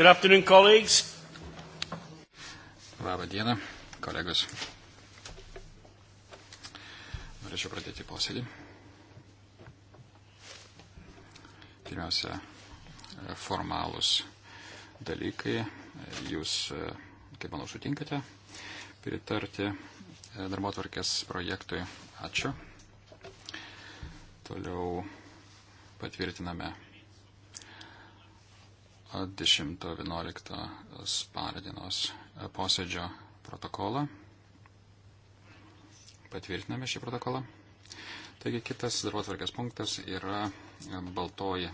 Good afternoon, colleagues. Labą dieną, kolegos. Norėčiau pradėti posėdį. Pirmiausia, formalūs dalykai. Jūs, kaip manau, sutinkate pritarti darbotvarkės projektui. Ačiū. Toliau patvirtiname 10-11 spalio dienos posėdžio protokolą. Patvirtiname šį protokolą. Taigi kitas darbo tvarkės punktas yra baltoji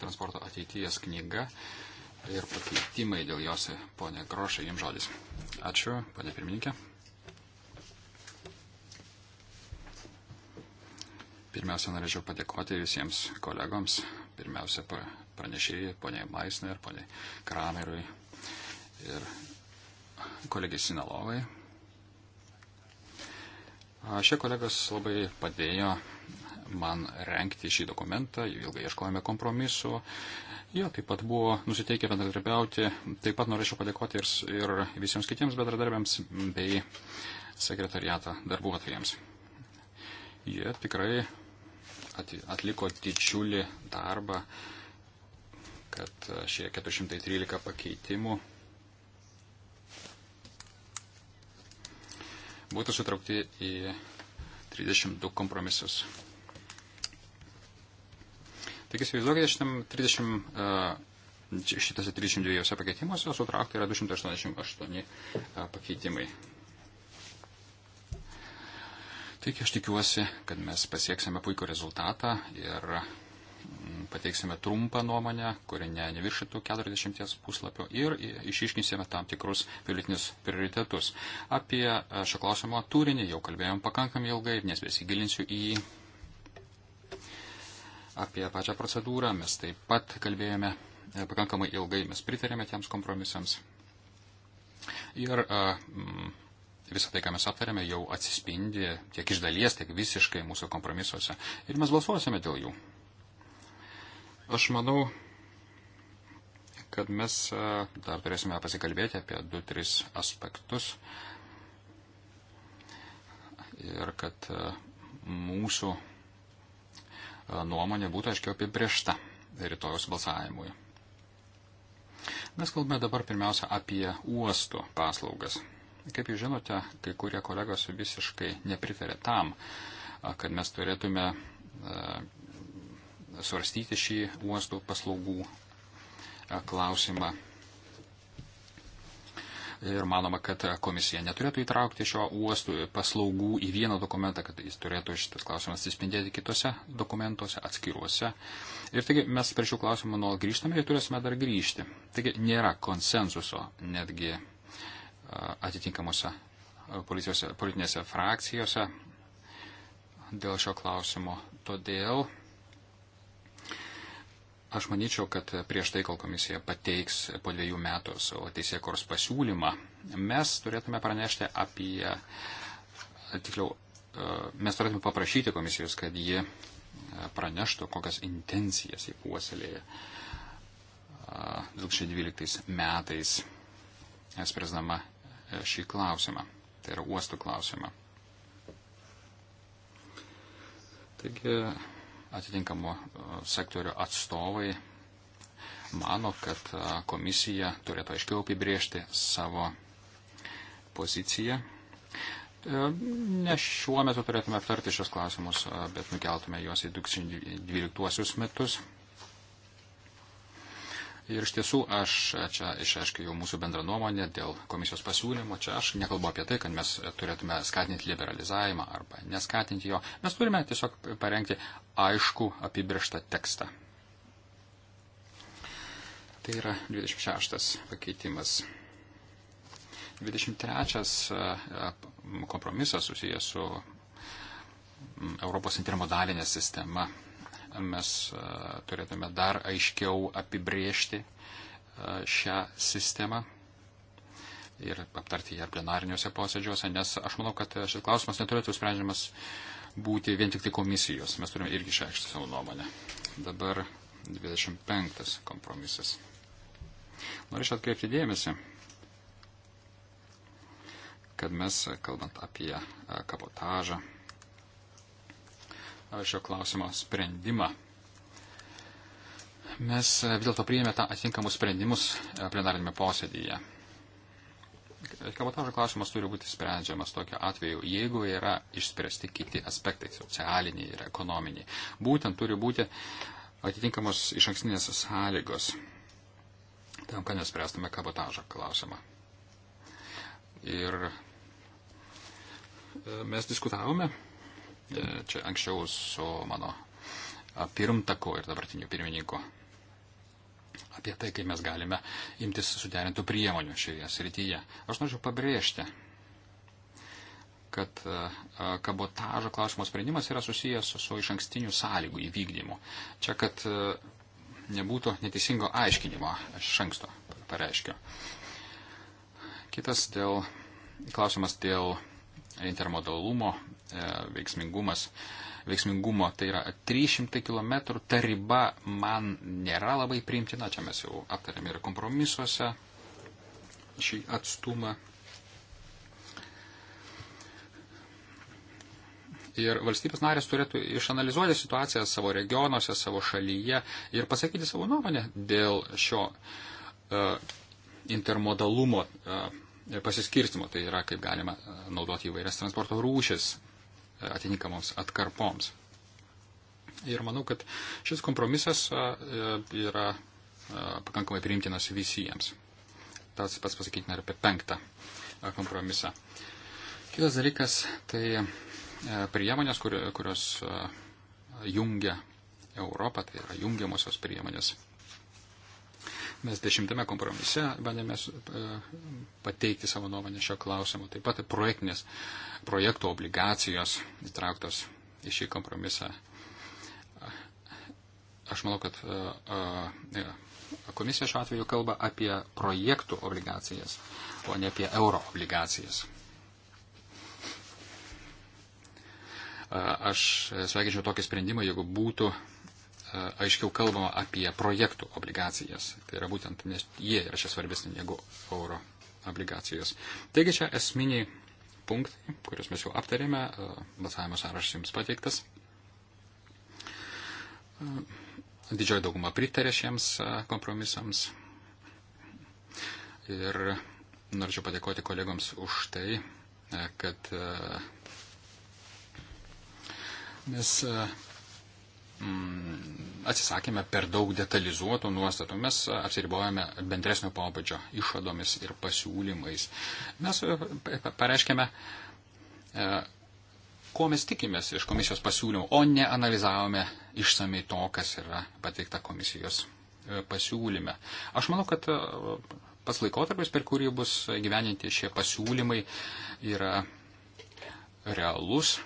transporto ateities knyga ir pakeitimai dėl jos, ponė Grošai, jums žodis. Ačiū, ponė pirmininkė. Pirmiausia, norėčiau padėkoti visiems kolegoms, pirmiausia, pranešėjai, poniai Maisner, poniai Kramerui ir kolegiai Sinalovai. Šie kolegos labai padėjo man renkti šį dokumentą, ilgai ieškojame kompromisu. Jo, taip pat buvo nusiteikę bendradarbiauti. Taip pat norėčiau padėkoti ir, ir visiems kitiems bendradarbiams bei sekretariato darbuotojams. Jie tikrai atliko didžiulį darbą, kad e, šie 413 pakeitimų būtų sutraukti į 32 kompromisus. Taigi įsivaizduokite, šitam 30, šitose 32 pakeitimuose sutraukti yra 288 e, pakeitimai. Taigi aš tikiuosi, kad mes pasieksime puikų rezultatą ir pateiksime trumpą nuomonę, kuri ne, neviršytų 40 puslapio ir išiškinsime tam tikrus politinius prioritetus. Apie e, šio klausimo turinį jau kalbėjom pakankamai ilgai, nes besigilinsiu į jį. Apie pačią procedūrą mes taip pat kalbėjome e, pakankamai ilgai, mes pritarėme tiems kompromisams. Ir a, e, m, visą tai, ką mes aptarėme, jau atsispindi tiek iš dalies, tiek visiškai mūsų kompromisuose. Ir mes balsuosime dėl jų. Aš manau, kad mes e, dar turėsime pasikalbėti apie 2-3 aspektus ir kad e, mūsų e, nuomonė būtų aiškiau apibriešta rytojus balsavimui. Mes kalbame dabar pirmiausia apie uostų paslaugas. Kaip jūs žinote, kai kurie kolegos visiškai nepritarė tam, kad mes turėtume svarstyti šį uostų paslaugų e, klausimą. Ir manoma, kad komisija neturėtų įtraukti šio uostų paslaugų į vieną dokumentą, kad jis turėtų šitas klausimas atsispindėti kitose dokumentuose, atskiruose. Ir taigi mes prie šių klausimų nuolat grįžtame ir turėsime dar grįžti. Taigi nėra konsensuso netgi e, atitinkamuose e, politinėse frakcijose dėl šio klausimo. Todėl Aš manyčiau, kad prieš tai, kol komisija pateiks po dviejų metų savo teisėkors pasiūlymą, mes turėtume pranešti apie, tikliau, e, mes turėtume paprašyti komisijos, kad ji e, praneštų, kokias intencijas jį puoselėja 2012 e, metais, spręsdama šį klausimą, tai yra uostų klausimą. Taigi, atitinkamo e, sektorio atstovai mano, kad e, komisija turėtų aiškiau apibriežti savo poziciją. E, ne šiuo metu turėtume aptarti šios klausimus, bet nukeltume juos į 2012 metus. Ir iš tiesų aš čia išaiškiau mūsų bendrą nuomonę dėl komisijos pasiūlymo. Čia aš nekalbu apie tai, kad mes turėtume skatinti liberalizavimą arba neskatinti jo. Mes turime tiesiog parengti aišku apibrieštą tekstą. Tai yra 26 pakeitimas. 23 e, kompromisas susijęs su mm, Europos intermodalinė sistema mes e, turėtume dar aiškiau apibriežti e, šią sistemą ir aptarti ją plenariniuose posėdžiuose, nes aš manau, kad šis klausimas neturėtų sprendžiamas būti vien tik tai komisijos. Mes turime irgi išreikšti savo nuomonę. Dabar 25 kompromisas. Norėčiau atkreipti dėmesį, kad mes, kalbant apie e, kabotažą, šio klausimo sprendimą. Mes vis dėlto priėmė tą atinkamus sprendimus e, plenarinėme posėdėje. Kabotažo klausimas turi būti sprendžiamas tokiu atveju, jeigu yra išspręsti kiti aspektai - socialiniai ir ekonominiai. Būtent turi būti atitinkamos iš ankstinės sąlygos tam, kad nespręstume kabotažo klausimą. Ir e, mes diskutavome E, čia anksčiau su mano pirmtaku ir dabartiniu pirmininku apie tai, kaip mes galime imtis suderintų priemonių šioje srityje. Aš noriu pabrėžti, kad e, kabotažo klausimo sprendimas yra susijęs su, su iš ankstinių sąlygų įvykdymu. Čia, kad e, nebūtų neteisingo aiškinimo, aš iš anksto pareiškiu. Kitas dėl, klausimas dėl intermodalumo e, veiksmingumas, veiksmingumo, tai yra 300 km, ta riba man nėra labai priimtina, čia mes jau aptarėme ir kompromisuose šį atstumą. Ir valstybės narės turėtų išanalizuoti situaciją savo regionuose, savo šalyje ir pasakyti savo nuomonę dėl šio uh, intermodalumo uh, E, pasiskirstimo, tai yra kaip galima e, naudoti įvairias transporto rūšis e, atitinkamoms atkarpoms. Ir manau, kad šis kompromisas yra pakankamai priimtinas visiems. Tas pats pasakytina ir apie penktą kompromisą. Kitas dalykas tai priemonės, kurios jungia Europą, tai yra jungiamosios priemonės. Mes dešimtame kompromise bandėme e, pateikti savo nuomonę šio klausimu. Taip pat projektinės projektų obligacijos įtrauktos į šį kompromisą. Aš manau, kad e, e, komisija šiuo atveju kalba apie projektų obligacijas, o ne apie euro obligacijas. Aš sveikinčiau tokį sprendimą, jeigu būtų aiškiau kalbama apie projektų obligacijas. Tai yra būtent, nes jie yra čia svarbesni negu euro obligacijos. Taigi čia esminiai punktai, kuriuos mes jau aptarėme, balsavimo sąrašas jums pateiktas. Didžioji dauguma pritarė šiems kompromisams. Ir norėčiau padėkoti kolegoms už tai, kad mes mm, atsisakėme per daug detalizuotų nuostatų, mes apsiribojame bendresnio pobūdžio išvadomis ir pasiūlymais. Mes e, pareiškėme, e, ko mes tikimės iš komisijos pasiūlymų, o ne analizavome išsamei to, kas yra pateikta komisijos e, pasiūlyme. Aš manau, kad pas laikotarpis, per kurį bus gyveninti šie pasiūlymai, yra realus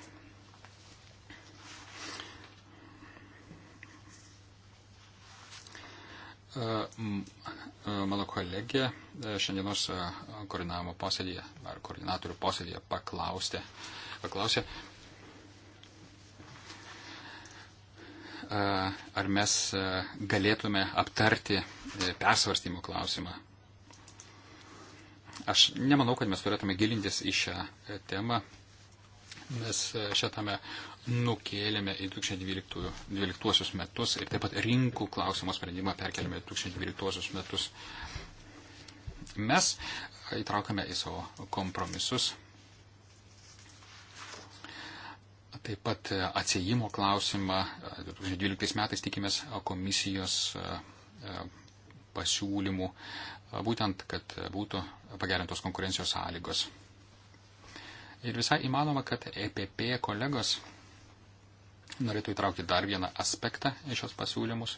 E, e, mano kolegė e, šiandienos koordinavimo posėdėje ar koordinatorių posėdėje paklausė, paklausė ar mes galėtume aptarti persvarstymų klausimą. Aš nemanau, kad mes turėtume gilintis į šią temą, nes šitame nukėlėme į 2012 metus ir taip pat rinkų klausimo sprendimą perkeliame į 2012 metus. Mes įtraukame į savo kompromisus taip pat atsėjimo klausimą. 2012 metais tikimės komisijos e, e, pasiūlymų, būtent, kad būtų pagerintos konkurencijos sąlygos. Ir visai įmanoma, kad EPP kolegos norėtų įtraukti dar vieną aspektą į šios pasiūlymus.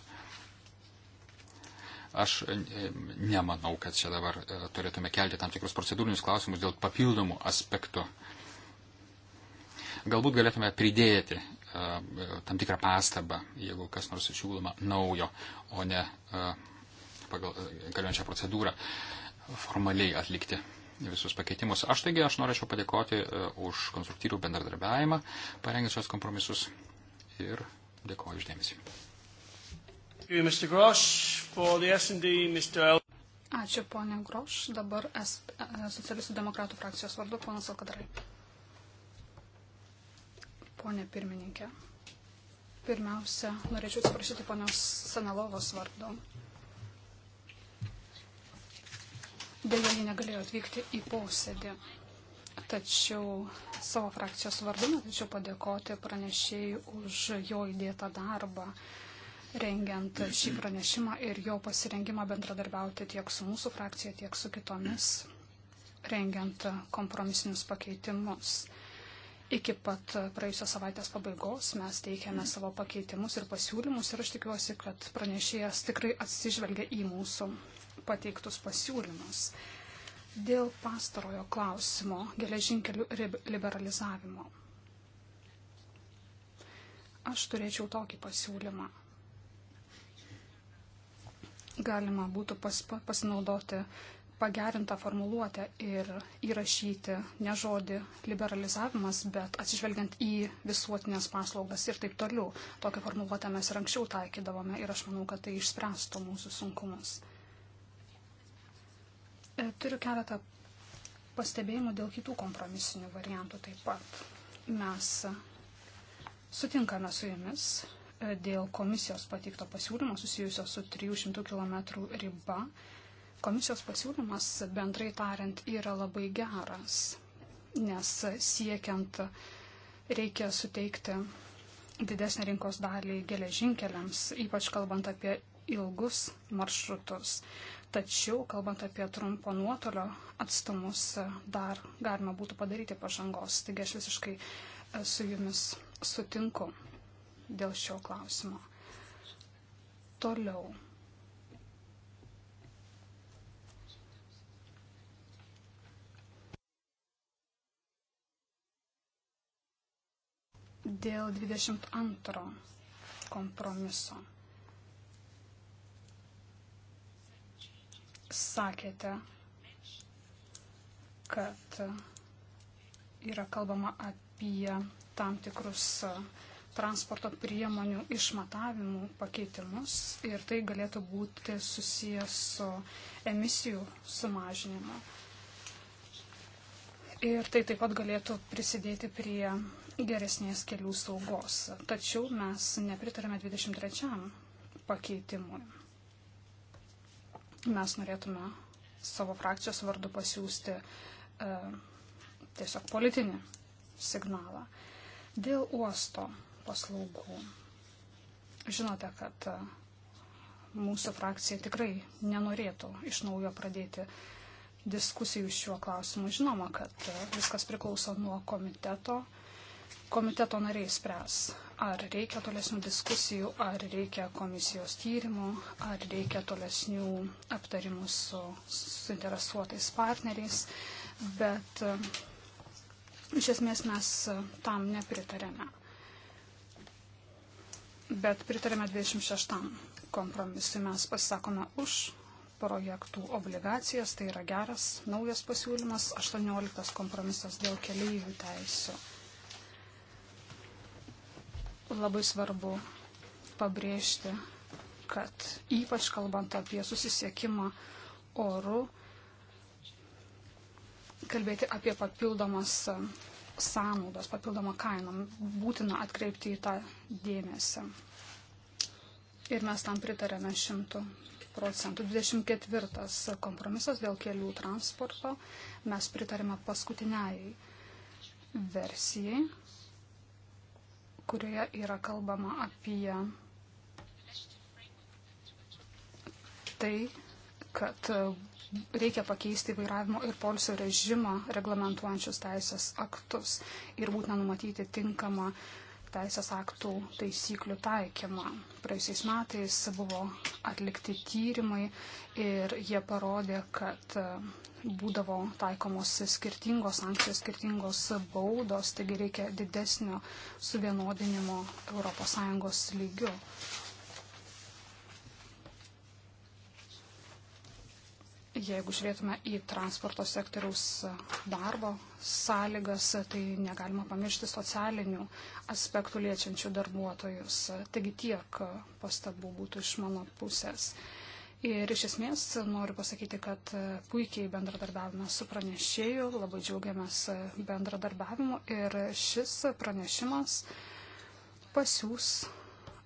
Aš e, nemanau, kad čia dabar e, turėtume kelti tam tikrus procedūrinius klausimus dėl papildomų aspektų. Galbūt galėtume pridėti e, tam tikrą pastabą, jeigu kas nors siūloma naujo, o ne pagal galiojančią procedūrą formaliai atlikti visus pakeitimus. Aš taigi aš norėčiau padėkoti už konstruktyvų bendradarbiavimą, parengiant šios kompromisus ir dėkoju uždėmesi. Ačiū, ponė Groš. Dabar e, socialistų demokratų frakcijos vardu, ponas Alkadarai. Pone pirmininkė, pirmiausia, norėčiau atsiprašyti ponios Senalovos vardu. Deja, ji negalėjo atvykti į posėdį tačiau savo frakcijos vardu norėčiau padėkoti pranešėjai už jo įdėtą darbą rengiant šį pranešimą ir jo pasirengimą bendradarbiauti tiek su mūsų frakcija, tiek su kitomis, rengiant kompromisinius pakeitimus. Iki pat praėjusios savaitės pabaigos mes teikėme savo pakeitimus ir pasiūlymus ir aš tikiuosi, kad pranešėjas tikrai atsižvelgia į mūsų pateiktus pasiūlymus. Dėl pastarojo klausimo geležinkelių liberalizavimo. Aš turėčiau tokį pasiūlymą. Galima būtų pas, pasinaudoti pagerintą formuluotę ir įrašyti ne žodį liberalizavimas, bet atsižvelgiant į visuotinės paslaugas ir taip toliau. Tokią formuluotę mes ir anksčiau taikydavome ir aš manau, kad tai išspręstų mūsų sunkumus. E, turiu keletą pastebėjimų dėl kitų kompromisinių variantų taip pat. Mes e, sutinkame su jumis e, dėl komisijos pateikto pasiūlymo susijusio su 300 km riba. Komisijos pasiūlymas bendrai tariant yra labai geras, nes siekiant reikia suteikti didesnę rinkos dalį geležinkeliams, ypač kalbant apie ilgus maršrutus. Tačiau, kalbant apie trumpo nuotolio atstumus, dar galima būtų padaryti pažangos. Taigi aš visiškai e, su jumis sutinku dėl šio klausimo. Toliau. Dėl 22 kompromiso. sakėte, kad yra kalbama apie tam tikrus transporto priemonių išmatavimų pakeitimus ir tai galėtų būti susijęs su emisijų sumažinimu. Ir tai taip pat galėtų prisidėti prie geresnės kelių saugos. Tačiau mes nepritarėme 23 pakeitimui. Mes norėtume savo frakcijos vardu pasiūsti e, tiesiog politinį signalą. Dėl uosto paslaugų. Žinote, kad e, mūsų frakcija tikrai nenorėtų iš naujo pradėti diskusijų šiuo klausimu. Žinoma, kad e, viskas priklauso nuo komiteto komiteto nariai spręs, ar reikia tolesnių diskusijų, ar reikia komisijos tyrimų, ar reikia tolesnių aptarimų su suinteresuotais partneriais, bet e, iš esmės mes tam nepritarėme. Bet pritarėme 26 kompromisui, mes pasisakome už projektų obligacijas, tai yra geras naujas pasiūlymas, 18 kompromisas dėl keleivių teisų labai svarbu pabrėžti, kad ypač kalbant apie susisiekimą oru, kalbėti apie papildomas sąnaudas, papildomą kainą, būtina atkreipti į tą dėmesį. Ir mes tam pritarėme šimtų procentų. 24 kompromisas dėl kelių transporto. Mes pritarėme paskutiniai versijai kurioje yra kalbama apie tai, kad reikia pakeisti vairavimo ir polsio režimą reglamentuojančius teisės aktus ir būtina numatyti tinkamą uh, teisės aktų taisyklių taikymą. Praėjusiais metais buvo atlikti tyrimai ir jie parodė, kad e, būdavo taikomos skirtingos sankcijos, skirtingos baudos, taigi reikia didesnio suvienodinimo ES lygiu. jeigu žiūrėtume į transporto sektoriaus darbo sąlygas, tai negalima pamiršti socialinių aspektų liečiančių darbuotojus. Taigi tiek pastabų būtų iš mano pusės. Ir iš esmės noriu pasakyti, kad puikiai bendradarbiavime su pranešėju, labai džiaugiamės bendradarbiavimu ir šis pranešimas pasiūs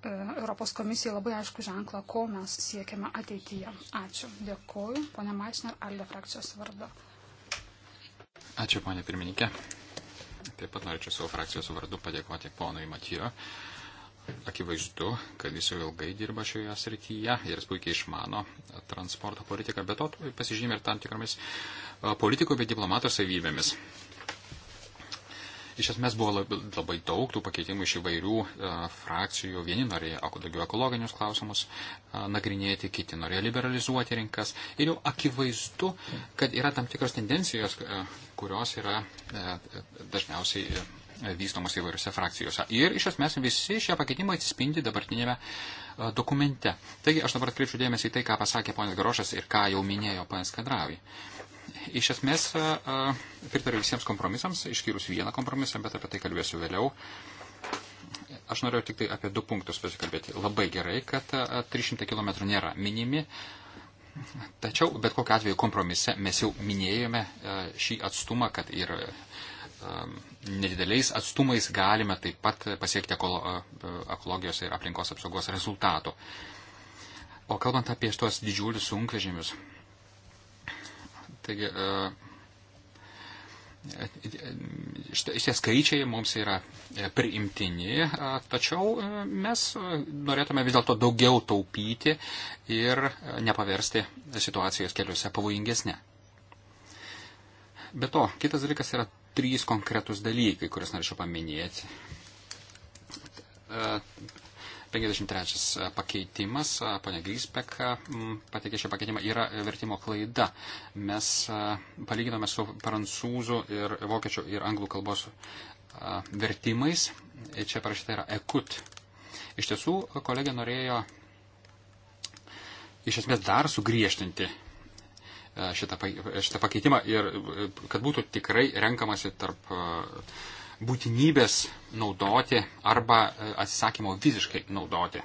E, Europos komisijai labai aišku ženklą, ko mes siekiame ateityje. Ačiū. Dėkuoju, ponia Maisner, Alde frakcijos vardu. Ačiū, ponia pirmininkė. Taip pat norėčiau savo frakcijos vardu padėkoti ponui Matijo. Akivaizdu, kad jis jau ilgai dirba šioje srityje ir jis puikiai išmano transporto politiką, bet to pasižymė ir tam tikromis e, politikų bei diplomatų savybėmis. Iš esmės buvo labai, labai daug tų pakeitimų iš įvairių e, frakcijų. Vieni norėjo daugiau ekologinius klausimus e, nagrinėti, kiti norėjo liberalizuoti rinkas. Ir jau akivaizdu, kad yra tam tikros tendencijos, e, kurios yra e, dažniausiai e, vystomos įvairiose frakcijose. Ir iš esmės visi šie pakeitimai atsispindi dabartinėme e, dokumente. Taigi aš dabar atkreipčiau dėmesį į tai, ką pasakė ponas Garošas ir ką jau minėjo ponas Kadravi. E, Iš esmės e, e, pritariu visiems kompromisams, išskyrus vieną kompromisą, bet apie tai kalbėsiu vėliau. Aš norėjau tik tai apie du punktus pasikalbėti. Labai gerai, kad 300 e, km nėra minimi, tačiau bet kokiu atveju kompromise mes jau minėjome šį atstumą, kad ir nedideliais atstumais galime taip pat pasiekti ekolo, ekologijos ir aplinkos apsaugos rezultatų. O kalbant apie šitos didžiulius sunkvežimius, Taigi, e, e, e, šitie skaičiai mums yra priimtini, tačiau mes norėtume vis dėlto daugiau taupyti ir nepaversti situacijos keliuose pavojingesnė. Be to, kitas dalykas yra trys konkretus dalykai, kuriuos norėčiau paminėti. 53 e, pakeitimas, e, ponia Grisbek e, pateikė šį pakeitimą, yra vertimo klaida. Mes palyginome su prancūzų ir vokiečių ir anglų kalbos vertimais. Čia parašyta yra ekut. Iš tiesų, kolegė norėjo iš esmės dar sugriežtinti šitą, šitą pakeitimą ir kad būtų tikrai renkamasi tarp būtinybės naudoti arba e, atsisakymo visiškai naudoti.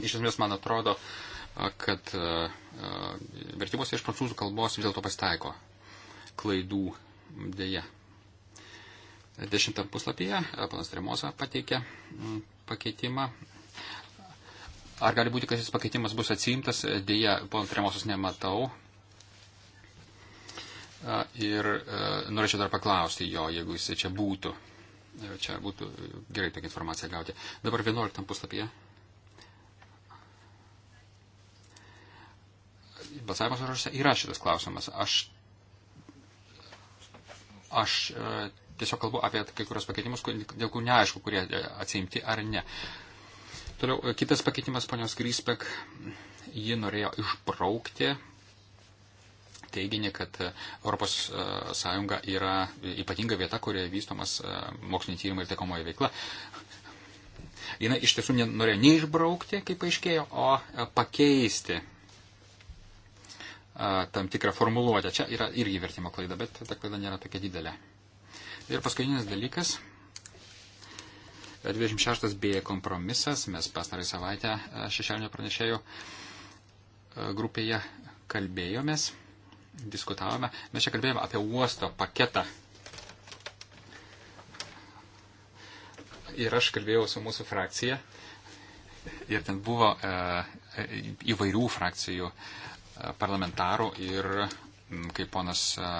Iš esmės, man atrodo, e, kad e, vertimuose iš prancūzų kalbos vis dėlto pasitaiko klaidų dėja. Dešimtam puslapyje panas Tremosa pateikė pakeitimą. Ar gali būti, kad šis pakeitimas bus atsiimtas? Dėja, ponas Tremosas nematau. Ir e, norėčiau dar paklausti jo, jeigu jis čia būtų. E, čia būtų gerai tokia informacija gauti. Dabar 11 puslapyje. Balsavimo sąrašuose yra šitas klausimas. Aš, aš e, tiesiog kalbu apie kai kurios pakeitimus, dėl kurių neaišku, kurie atsiimti ar ne. Toliau, kitas pakeitimas, ponios Grispek, ji norėjo išbraukti teiginį, kad ES e, yra ypatinga vieta, kurioje vystomas e, moksliniai tyrimai ir tekomoji veikla. Jis iš tiesų norėjo neišbraukti, kaip aiškėjo, o e, pakeisti tam tikrą formuluotę. Čia yra irgi vertimo klaida, bet ta klaida nėra tokia didelė. Ir paskutinis dalykas. 26b kompromisas, mes pastarąjį savaitę šešėlinio pranešėjų grupėje kalbėjomės diskutavome, mes čia kalbėjome apie uosto paketą. Ir aš kalbėjau su mūsų frakcija. Ir ten buvo e, e įvairių frakcijų e, parlamentarų ir, kaip ponas e,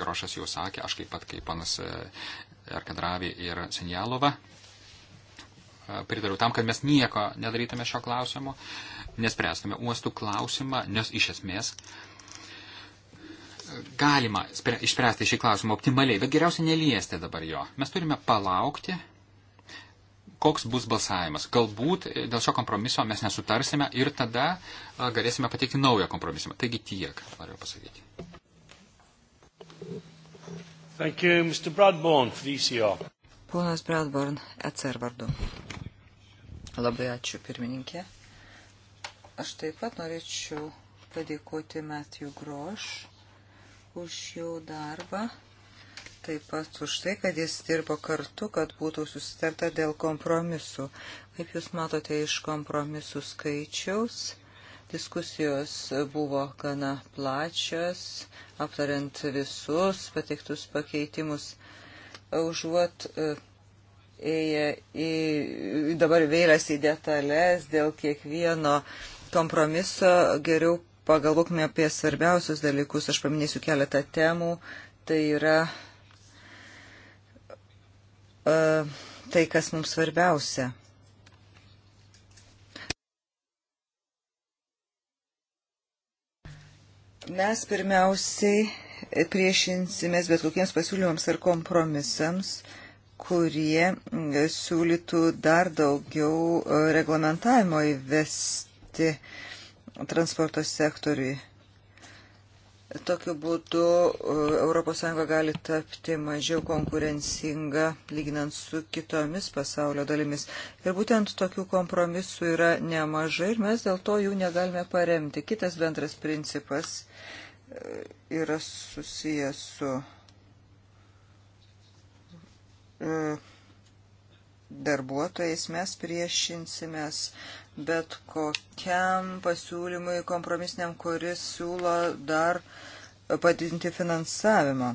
Grošas jau sakė, aš kaip pat kaip ponas e, Arkadravi ir Senjalova e, pritariu tam, kad mes nieko nedarytume šio klausimu, nespręstume uostų klausimą, nes iš esmės uh, galima išspręsti šį klausimą optimaliai, bet geriausia neliesti dabar jo. Mes turime palaukti, koks bus balsavimas. Galbūt dėl šio kompromiso mes nesutarsime ir tada galėsime pateikti naują kompromisą. Taigi tiek, noriu pasakyti. Thank you, Mr. Bradborn, for the ECR. Ponas Bradborn, ECR vardu. Labai ačiū, pirmininkė. Aš taip pat norėčiau padėkoti Matthew Grosh už jų darbą, taip pat už tai, kad jis dirbo kartu, kad būtų susitarta dėl kompromisų. Kaip jūs matote iš kompromisų skaičiaus, diskusijos buvo gana plačios, aptariant visus pateiktus pakeitimus. Užuot e, ėję į dabar vėlės į detalės dėl kiekvieno kompromiso, geriau pagalvokime apie svarbiausius dalykus. Aš paminėsiu keletą temų. Tai yra uh, tai, kas mums svarbiausia. Mes pirmiausiai priešinsimės bet kokiems pasiūlymams ar kompromisams, kurie mm, siūlytų dar daugiau e, reglamentavimo įvesti uh, transporto sektoriui. Tokiu būdu uh, ES gali tapti mažiau konkurencinga lyginant su kitomis pasaulio dalimis. Ir būtent tokių kompromisų yra nemažai ir mes dėl to jų negalime paremti. Kitas bendras principas uh, yra susijęs su uh, darbuotojais, mes priešinsimės bet kokiam pasiūlymui kompromisiniam, kuris siūlo dar padidinti finansavimą.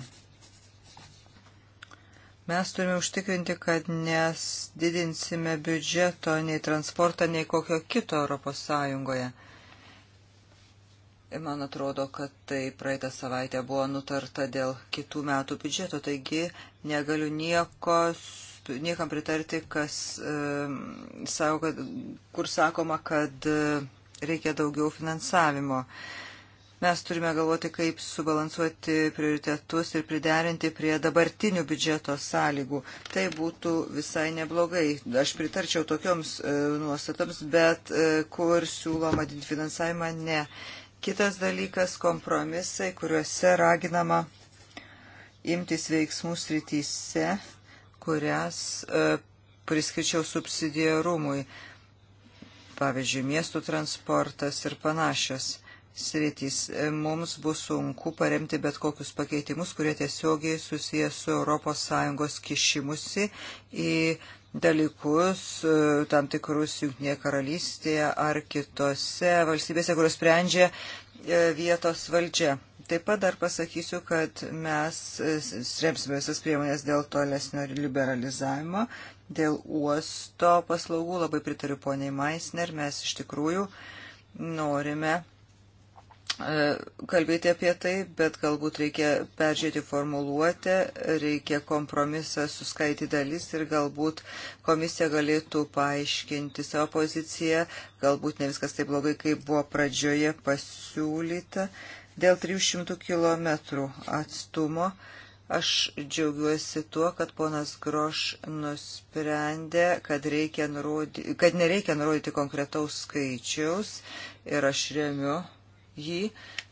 Mes turime užtikrinti, kad nesdidinsime biudžeto nei transportą, nei kokio kito Europos Sąjungoje. Ir man atrodo, kad tai praeitą savaitę buvo nutarta dėl kitų metų biudžeto, taigi negaliu nieko niekam pritarti, kas e, sako, kad, kur sakoma, kad e, reikia daugiau finansavimo. Mes turime galvoti, kaip subalansuoti prioritetus ir priderinti prie dabartinių biudžeto sąlygų. Tai būtų visai neblogai. Aš pritarčiau tokioms e, nuostatams, bet e, kur siūloma didinti finansavimą, ne. Kitas dalykas - kompromisai, kuriuose raginama imtis veiksmų srityse, kurias e, priskirčiau subsidiarumui, pavyzdžiui, miestų transportas ir panašios sritys. E, mums bus sunku paremti bet kokius pakeitimus, kurie tiesiogiai susijęs su ES kišimusi į dalykus, e, tam tikrus Junktinėje karalystėje ar kitose valstybėse, kurios sprendžia vietos valdžia. Taip pat dar pasakysiu, kad mes sremsime e, visas priemonės dėl tolesnio liberalizavimo, dėl uosto paslaugų. Labai pritariu poniai Maisner, mes iš tikrųjų norime e, kalbėti apie tai, bet galbūt reikia peržiūrėti formuluotę, reikia kompromisą suskaiti dalis ir galbūt komisija galėtų paaiškinti savo poziciją, galbūt ne viskas taip blogai, kaip buvo pradžioje pasiūlyta. Uh, Dėl 300 km atstumo aš džiaugiuosi tuo, kad ponas Groš nusprendė, kad, nurodyti, kad nereikia nurodyti konkretaus skaičiaus ir aš remiu jį.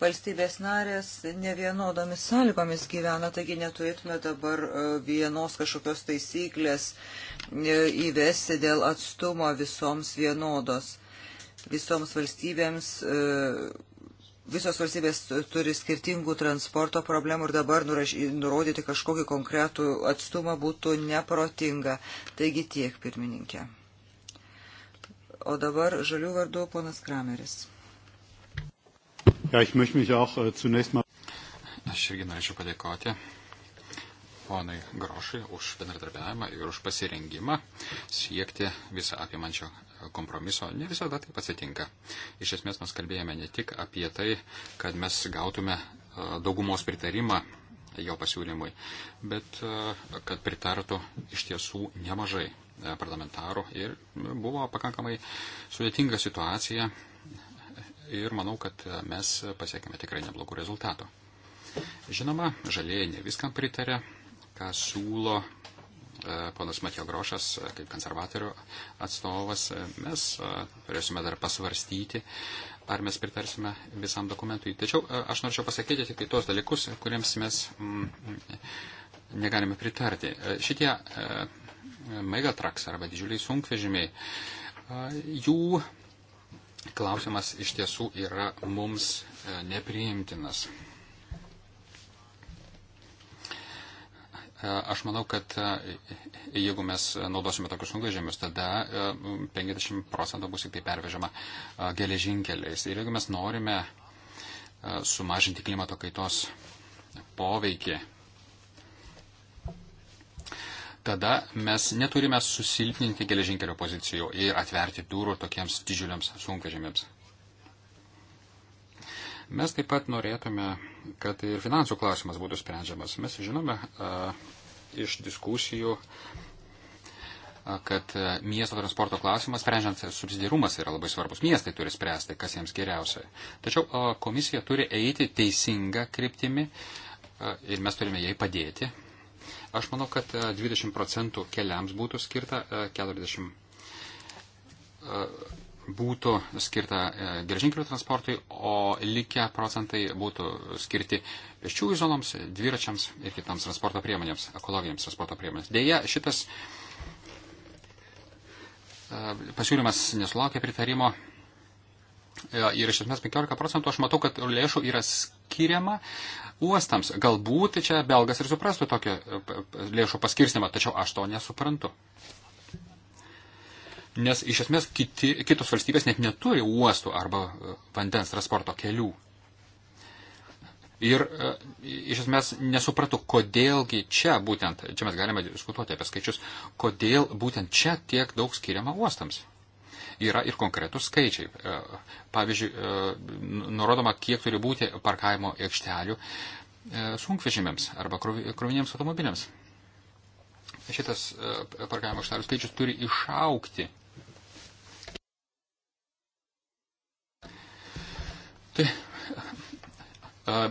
Valstybės narės ne vienodomis sąlygomis gyvena, taigi neturėtume dabar e, vienos kažkokios taisyklės e, įvesti dėl atstumo visoms vienodos. Visoms valstybėms e, visos valstybės turi skirtingų transporto problemų ir dabar nurodyti kažkokį konkretų atstumą būtų neprotinga. Taigi tiek, pirmininkė. O dabar žalių vardu ponas Krameris. Ja, ich möchte mich auch äh, zunächst mal. Aš irgi norėčiau padėkoti ponai Grošui už bendradarbiavimą ir už pasirengimą siekti visą apimančio kompromiso, ne visada taip atsitinka. Iš esmės mes kalbėjome ne tik apie tai, kad mes gautume e, daugumos pritarimą jo pasiūlymui, bet e, kad pritartų iš tiesų nemažai e, parlamentarų ir buvo pakankamai sudėtinga situacija ir manau, kad mes pasiekėme tikrai neblogų rezultatų. Žinoma, žalieji ne viskam pritarė, ką siūlo E, ponas Matijo Grošas, e, kaip konservatorių atstovas, e, mes turėsime dar pasvarstyti, ar mes pritarsime visam dokumentui. Tačiau aš norėčiau pasakyti tik tai tuos dalykus, kuriems mes mm, mm, negalime pritarti. Šitie megatraks arba didžiuliai sunkvežimiai, jų klausimas iš tiesų yra mums nepriimtinas. E, aš manau, kad e, jeigu mes naudosime tokius sunkvežimius, tada 50 e, procentų bus tik tai pervežama geležinkeliais. Ir jeigu mes norime sumažinti klimato kaitos poveikį, tada mes neturime susilpninti geležinkelio pozicijų ir atverti durų tokiems didžiuliams sunkvežimėms. Mes taip pat norėtume, kad ir finansų klausimas būtų sprendžiamas. Mes žinome a, iš diskusijų, a, kad a, miesto transporto klausimas, sprendžiant subsidirumas, yra labai svarbus. Miestai turi spręsti, kas jiems geriausia. Tačiau a, komisija turi eiti teisinga kryptimi a, ir mes turime jai padėti. Aš manau, kad a, 20 procentų keliams būtų skirta a, 40. A, būtų skirta e, geležinkelių transportui, o likę procentai būtų skirti pėsčiųjų zonoms, dviračiams ir kitams transporto priemonėms, ekologijams transporto priemonėms. Deja, šitas e, pasiūlymas nesulaukė pritarimo e, ir iš esmės 15 procentų aš matau, kad lėšų yra skiriama uostams. Galbūt čia belgas ir suprastų tokio lėšų paskirstimą, tačiau aš to nesuprantu nes iš esmės kiti, kitos valstybės net neturi uostų arba e, vandens transporto kelių. Ir e, iš esmės nesupratau, kodėlgi čia būtent, čia mes galime diskutuoti apie skaičius, kodėl būtent čia tiek daug skiriama uostams. Yra ir konkretus skaičiai. E, pavyzdžiui, nurodoma, kiek turi būti parkavimo aikštelių sunkvežimėms arba krovinėms automobiliams. Šitas parkavimo aikštelių skaičius turi išaukti E,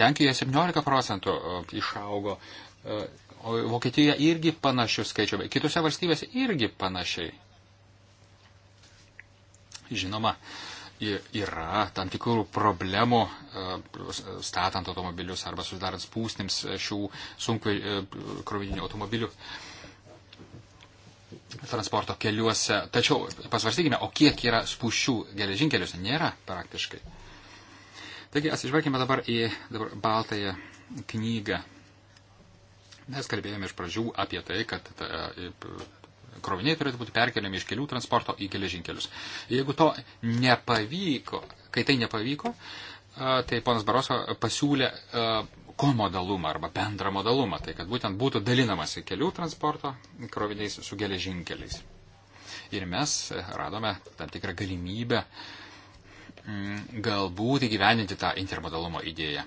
Lenkijoje 17 procentų e, išaugo, e, o Vokietijoje irgi panašių skaičių, bet kitose valstybėse irgi panašiai. Žinoma, yra tam tikrų problemų statant automobilius arba susidarant spūstims šių sunkių krovininių automobilių transporto keliuose. Tačiau pasvarstykime, o kiek yra spūščių geležinkeliuose? Nėra praktiškai. Taigi, atsižvelgime dabar į dabar baltąją knygą. Mes kalbėjome iš pradžių apie tai, kad ta, e, kroviniai turėtų būti perkeliami iš kelių transporto į geležinkelius. Jeigu to nepavyko, kai tai nepavyko, e, tai ponas Baroso pasiūlė e, komodalumą arba bendrą modalumą, tai kad būtent būtų dalinamasi kelių transporto kroviniais su geležinkeliais. Ir mes radome tam tikrą galimybę uh, Mm, galbūt įgyveninti tą intermodalumo idėją.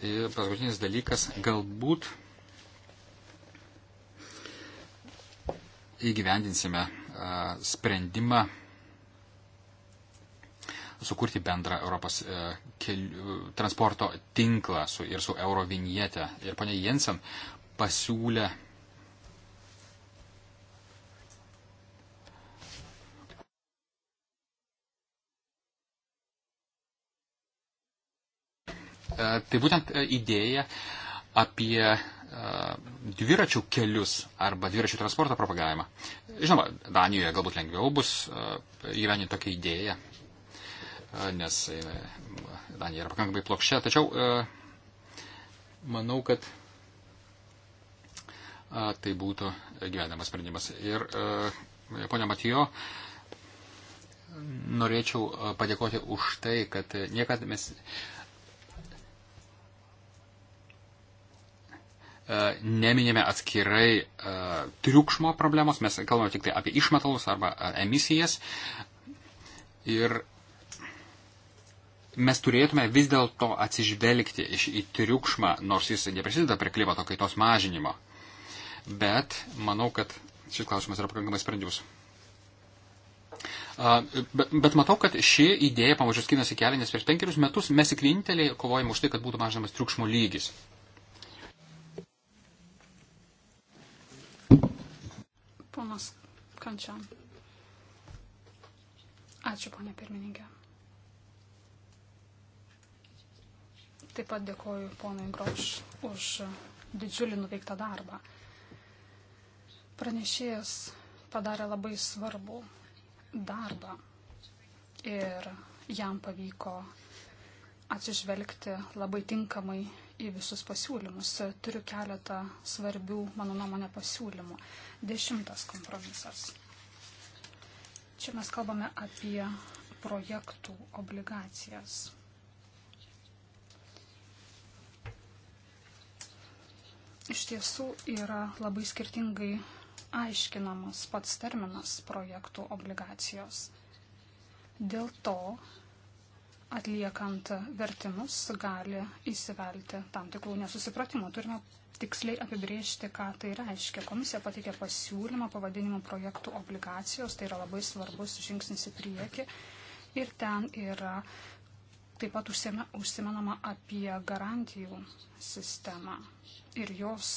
Ir paskutinis dalykas, galbūt įgyvendinsime sprendimą sukurti bendrą Europos kelių, transporto tinklą su, ir su Eurovinietė. Ir ponia Jensen pasiūlė tai būtent e, idėja apie e, dviračių kelius arba dviračių transporto propagavimą. Žinoma, Danijoje galbūt lengviau bus e, gyveninti tokią idėją, nes Danija yra pakankamai plokščia, tačiau manau, kad tai būtų gyvenimas sprendimas. Ir ponia Matijo, norėčiau padėkoti už tai, kad niekada mes E, neminėme atskirai e, triukšmo problemos, mes kalbame tik tai apie išmetalus arba e, emisijas. Ir mes turėtume vis dėlto atsižvelgti iš, į triukšmą, nors jis neprisideda prie klimato kaitos mažinimo. Bet manau, kad šis klausimas yra pakankamai sprendžiamas. Bet, bet matau, kad ši idėja pamažu skinasi kelią, nes prieš penkerius metus mes tik vieninteliai kovojame už tai, kad būtų mažinamas triukšmo lygis. Ponas Kančian. Ačiū, ponė pirmininkė. Taip pat dėkoju ponai Groš už didžiulį nuveiktą darbą. Pranešėjas padarė labai svarbų darbą ir jam pavyko atsižvelgti labai tinkamai į visus pasiūlymus. Turiu keletą svarbių, mano nuomonė, pasiūlymų. Dešimtas kompromisas. Čia mes kalbame apie projektų obligacijas. Iš tiesų yra labai skirtingai aiškinamas pats terminas projektų obligacijos. Dėl to atliekant vertimus gali įsivelti tam tikrų nesusipratimų. Turime tiksliai apibriežti, ką tai reiškia. Komisija pateikė pasiūlymą pavadinimu projektų obligacijos, tai yra labai svarbus žingsnis į priekį. Ir ten yra taip pat užsime, užsimenama apie garantijų sistemą ir jos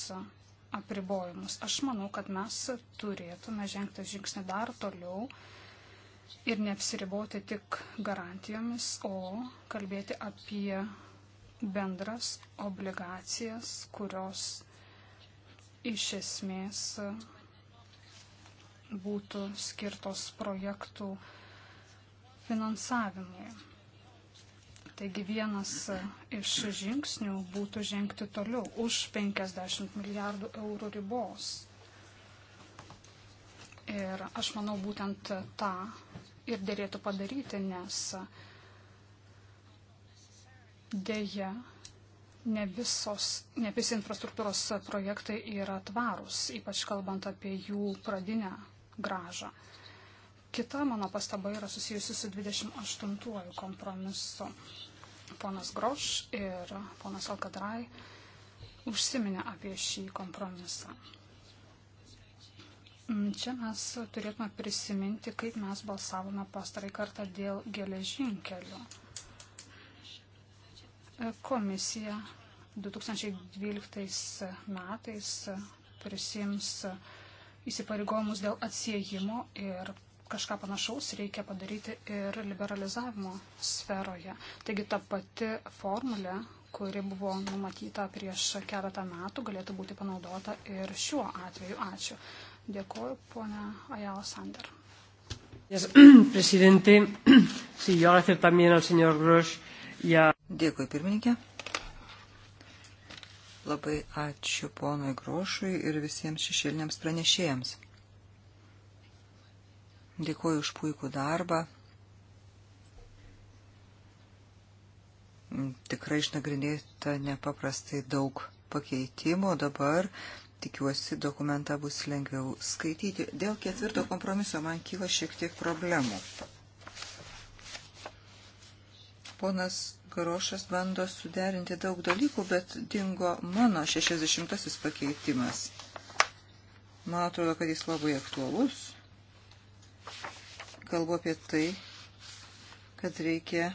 apribojimus. Aš manau, kad mes turėtume žengti žingsnį dar toliau ir neapsiriboti tik garantijomis, o kalbėti apie bendras obligacijas, kurios iš esmės būtų skirtos projektų finansavimui. Taigi vienas iš žingsnių būtų žengti toliau už 50 milijardų eurų ribos. Ir aš manau, būtent tą ir dėlėtų padaryti, nes dėja ne, visos, ne visi infrastruktūros projektai yra tvarūs, ypač kalbant apie jų pradinę gražą. Kita mano pastaba yra susijusi su 28 kompromisu. Ponas Groš ir ponas Alkadrai užsiminė apie šį kompromisą. Mm, čia mes turėtume prisiminti, kaip mes balsavome pastarai kartą dėl geležinkelių. Komisija 2012 metais prisims įsipareigojimus dėl atsiejimo ir kažką panašaus reikia padaryti ir liberalizavimo sferoje. Taigi ta pati formulė, kuri buvo numatyta prieš keletą metų, galėtų būti panaudota ir šiuo atveju. Ačiū. Dėkuoju, ponia Ajala Sander. Dėkui, pirmininkė. Labai ačiū ponui Grošui ir visiems šešėliniams pranešėjams. Dėkuoju už puikų darbą. Tikrai išnagrinėta nepaprastai daug pakeitimų. Dabar tikiuosi, dokumentą bus lengviau skaityti. Dėl ketvirto kompromiso man kyla šiek tiek problemų. Ponas Garošas bando suderinti daug dalykų, bet dingo mano 60-asis pakeitimas. Man atrodo, kad jis labai aktualus. Kalbu apie tai, kad reikia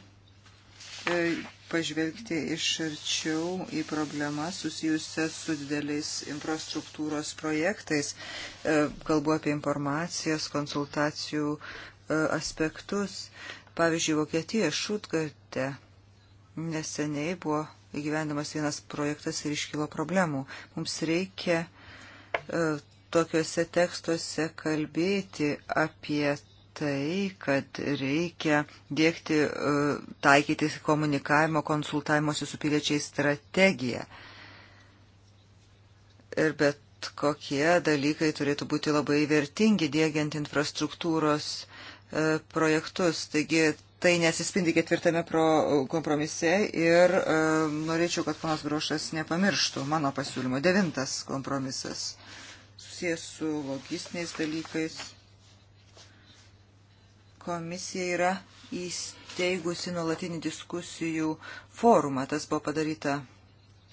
E, pažvelgti iš arčiau į problemą susijusią su dideliais infrastruktūros projektais. E, kalbu apie informacijas, konsultacijų e, aspektus. Pavyzdžiui, Vokietija Šutgarte neseniai buvo įgyvendamas vienas projektas ir iškilo problemų. Mums reikia tokiuose tekstuose kalbėti apie tai, kad reikia dėkti, e, taikyti komunikavimo, konsultavimuose su piliečiai strategiją. Ir bet kokie dalykai turėtų būti labai vertingi dėgiant infrastruktūros e, projektus. Taigi tai nesispindi ketvirtame kompromise ir e, norėčiau, kad panas Grošas nepamirštų mano pasiūlymo. Devintas kompromisas susijęs su logistiniais dalykais Komisija yra įsteigusi nuolatinį diskusijų forumą. Tas buvo padaryta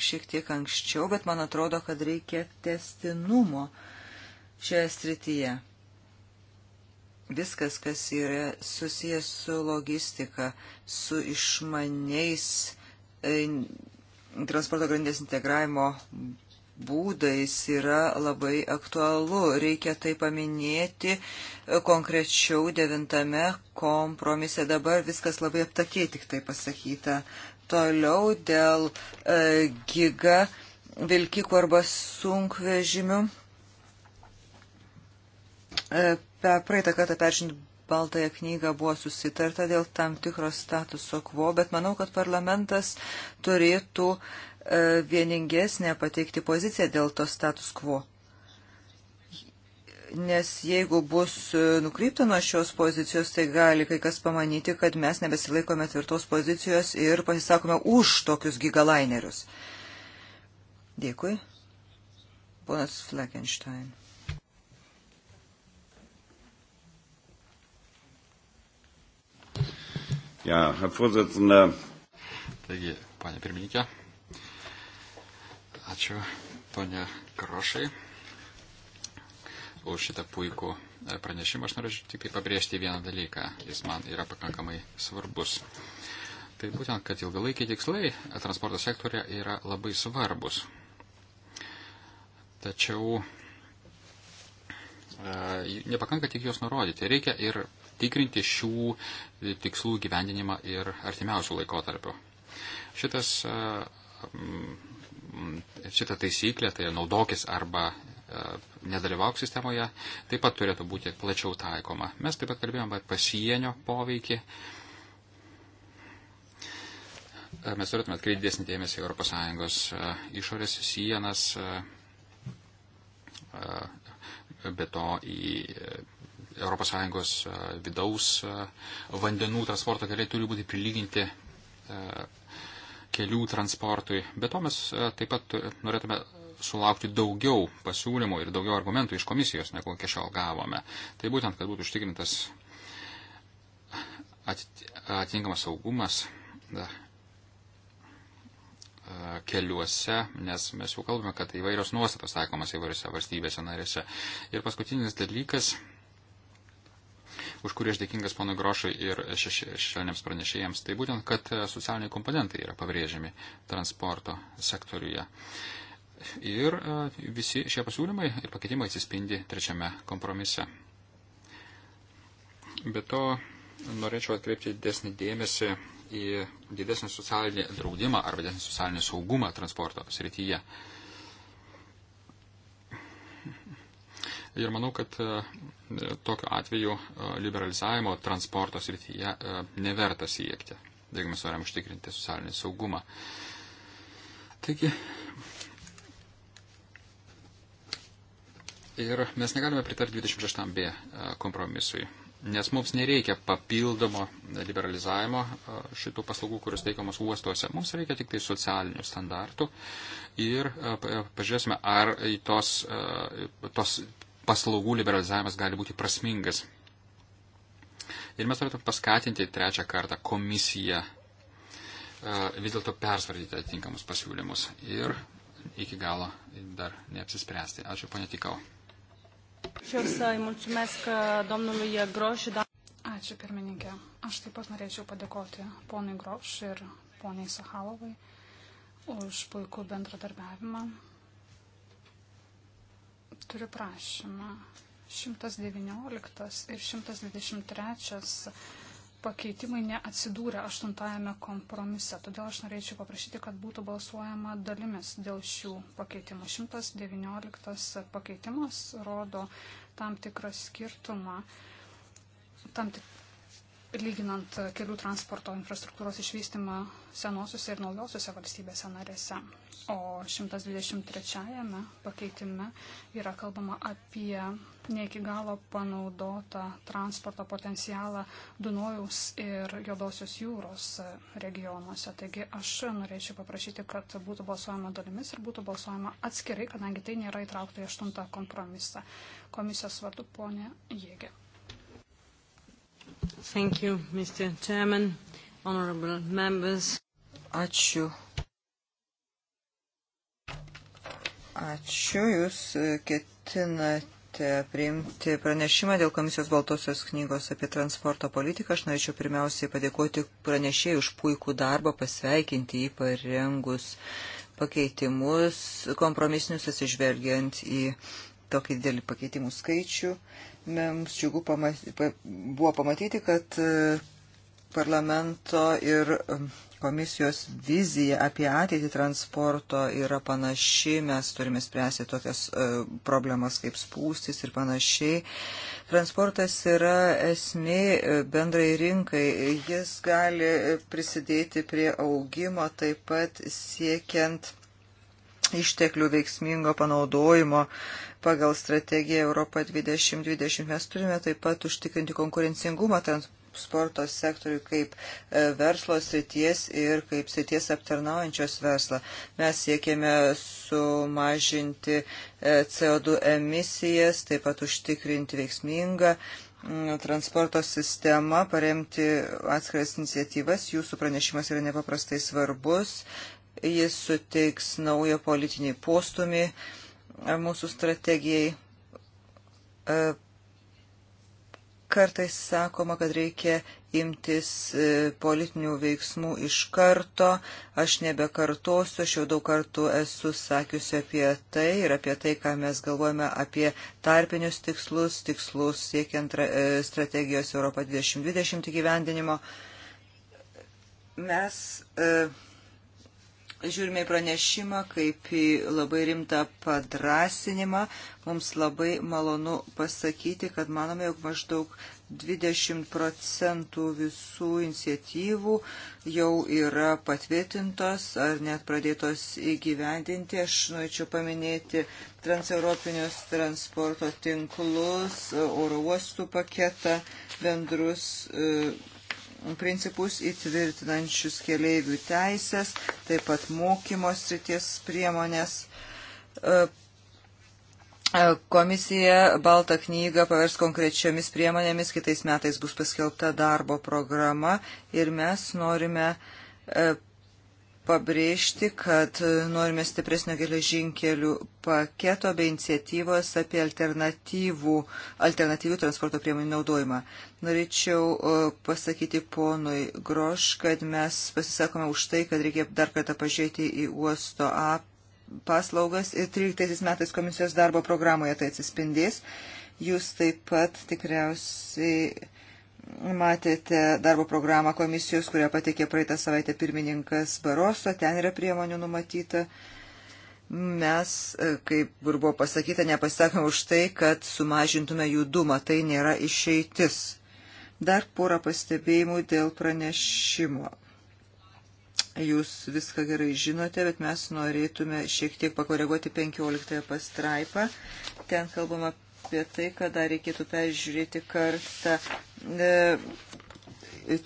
šiek tiek anksčiau, bet man atrodo, kad reikia testinumo šioje srityje. Viskas, kas yra susijęs su logistika, su išmaniais e, transporto grandės integravimo būdais yra labai aktualu. Reikia tai paminėti konkrečiau devintame kompromise. Dabar viskas labai aptakiai tik tai pasakyta. Toliau dėl e, giga vilkikų arba sunkvežimių. E, praeitą kartą peržint baltąją knygą buvo susitarta dėl tam tikro statuso quo, bet manau, kad parlamentas turėtų e, E, vieningesnę pateikti poziciją dėl to status quo. Nes jeigu bus e, nukrypta nuo šios pozicijos, tai gali kai kas pamanyti, kad mes nebesilaikome tvirtos pozicijos ir pasisakome už tokius gigalainerius. Dėkui. Ponas Fleckenstein. Ja, Herr Vorsitzender. Taigi, panė pirmininkė, Ačiū, ponia Krošai, už šitą puikų e, pranešimą. Aš norėčiau tik tai pabrėžti vieną dalyką. Jis man yra pakankamai svarbus. Tai būtent, kad ilgalaikiai tikslai e, transporto sektorė yra labai svarbus. Tačiau e, nepakanka tik juos nurodyti. Reikia ir tikrinti šių tikslų gyvendinimą ir artimiausių laikotarpių. Šitas šitą taisyklę, tai naudokis arba e, nedalyvauk sistemoje, taip pat turėtų būti plačiau taikoma. Mes taip pat kalbėjome apie pasienio poveikį. E, mes turėtume atkreipti dėsnį dėmesį ES e, išorės sienas, be to į ES vidaus vandenų transporto keliai turi būti prilyginti kelių transportui. Bet to mes e, taip pat norėtume sulaukti daugiau pasiūlymų ir daugiau argumentų iš komisijos, negu iki šiol gavome. Tai būtent, kad būtų užtikrintas atitinkamas saugumas da, e, keliuose, nes mes jau kalbame, kad įvairios nuostatos taikomas įvairiose valstybėse narėse. Ir paskutinis dalykas už kurį aš dėkingas ponui Grošui ir šešėliniams pranešėjams, tai būtent, kad e, socialiniai komponentai yra pabrėžiami transporto sektoriuje. Ir e, visi šie pasiūlymai ir pakeitimai atsispindi trečiame kompromise. Be to, norėčiau atkreipti didesnį dėmesį į didesnį socialinį draudimą arba didesnį socialinį saugumą transporto srityje. Tai Ir manau, kad e, tokiu atveju e, liberalizavimo transporto srityje e, neverta siekti, jeigu mes norim užtikrinti socialinį saugumą. Taigi, ir mes negalime pritarti 26b kompromisui, nes mums nereikia papildomo liberalizavimo šitų paslaugų, kurios teikiamos uostuose. Mums reikia tik tai socialinių standartų ir pažiūrėsime, ar tos, tos paslaugų liberalizavimas gali būti prasmingas. Ir mes turėtume paskatinti trečią kartą komisiją e, vis dėlto persvartyti atitinkamus pasiūlymus ir iki galo dar neapsispręsti. Ačiū, ponė Tikau. Ačiū, pirmininkė. Aš taip pat norėčiau padėkoti ponui Groš ir poniai Sahalovai už puikų bendradarbiavimą Turiu prašymą. 119 ir 123 pakeitimai neatsidūrė aštuntajame kompromise. Todėl aš norėčiau paprašyti, kad būtų balsuojama dalimis dėl šių pakeitimų. 119 pakeitimas rodo tam tikrą skirtumą, tam, tik, lyginant kelių transporto infrastruktūros išvystymą senosiuose ir naujosiuose valstybėse narėse. O 123-ame pakeitime yra kalbama apie ne iki galo panaudotą transporto potencialą Dunojaus ir Jodosios jūros regionuose. Taigi aš norėčiau paprašyti, kad būtų balsuojama dalimis ir būtų balsuojama atskirai, kadangi tai nėra įtraukta į 8 kompromisą. Komisijos vardu ponė Jėgė. Thank you, Mr. Chairman, honorable members. Ačiū. Ačiū, jūs e, ketinate priimti pranešimą dėl Komisijos Baltosios knygos apie transporto politiką. Aš norėčiau pirmiausiai padėkoti pranešėjai už puikų darbą, pasveikinti jį parengus pakeitimus, kompromisinius atsižvelgiant į tokį didelį pakeitimų skaičių. Uh, Mums džiugu pamaty, buvo pamatyti, kad e, parlamento ir komisijos vizija apie ateitį transporto yra panaši, mes turime spręsti tokias e, problemas kaip spūstis ir panašiai. Transportas yra esmė e, bendrai rinkai, jis gali prisidėti prie augimo, taip pat siekiant išteklių veiksmingo panaudojimo pagal strategiją Europą 2020. Mes turime taip pat užtikrinti konkurencingumą transporto sektoriui kaip e, verslo srities ir kaip srities aptarnaujančios verslą. Mes siekėme sumažinti e, CO2 emisijas, taip pat užtikrinti veiksmingą transporto sistemą, paremti atskiras iniciatyvas. Jūsų pranešimas yra nepaprastai svarbus. Jis suteiks naują politinį postumį e, mūsų strategijai. E, kartais sakoma, kad reikia imtis e, politinių veiksmų iš karto. Aš nebekartosiu, aš jau daug kartų esu sakiusi apie tai ir apie tai, ką mes galvojame apie tarpinius tikslus, tikslus siekiant strategijos Europą 2020 įgyvendinimo. Mes. E, žiūrime į pranešimą kaip į labai rimtą padrasinimą. Mums labai malonu pasakyti, kad manome, jog maždaug 20 procentų visų iniciatyvų jau yra patvirtintos ar net pradėtos įgyvendinti. Aš norėčiau paminėti transeuropinius transporto tinklus, oro uostų paketą, bendrus. E, principus įtvirtinančius keleivių teisės, taip pat mokymo srities priemonės. E, e, komisija Baltą knygą pavers konkrečiomis priemonėmis, kitais metais bus paskelbta darbo programa ir mes norime e, pabrėžti, kad norime stipresnio geležinkelių paketo bei iniciatyvos apie alternatyvų, alternatyvių transporto priemonių naudojimą. Norėčiau e, pasakyti ponui Groš, kad mes pasisakome už tai, kad reikia dar kartą pažiūrėti į uosto ap paslaugas ir 13 metais komisijos darbo programoje tai atsispindės. Jūs taip pat tikriausiai matėte darbo programą komisijos, kurią pateikė praeitą savaitę pirmininkas Baroso, ten yra priemonių numatyta. Mes, e, kaip ir buvo pasakyta, nepasakome už tai, kad sumažintume judumą, tai nėra išeitis. Dar porą pastebėjimų dėl pranešimo. Jūs viską gerai žinote, bet mes norėtume šiek tiek pakoreguoti 15 pastraipą. Ten kalbama apie tai, kad dar reikėtų peržiūrėti kartą e,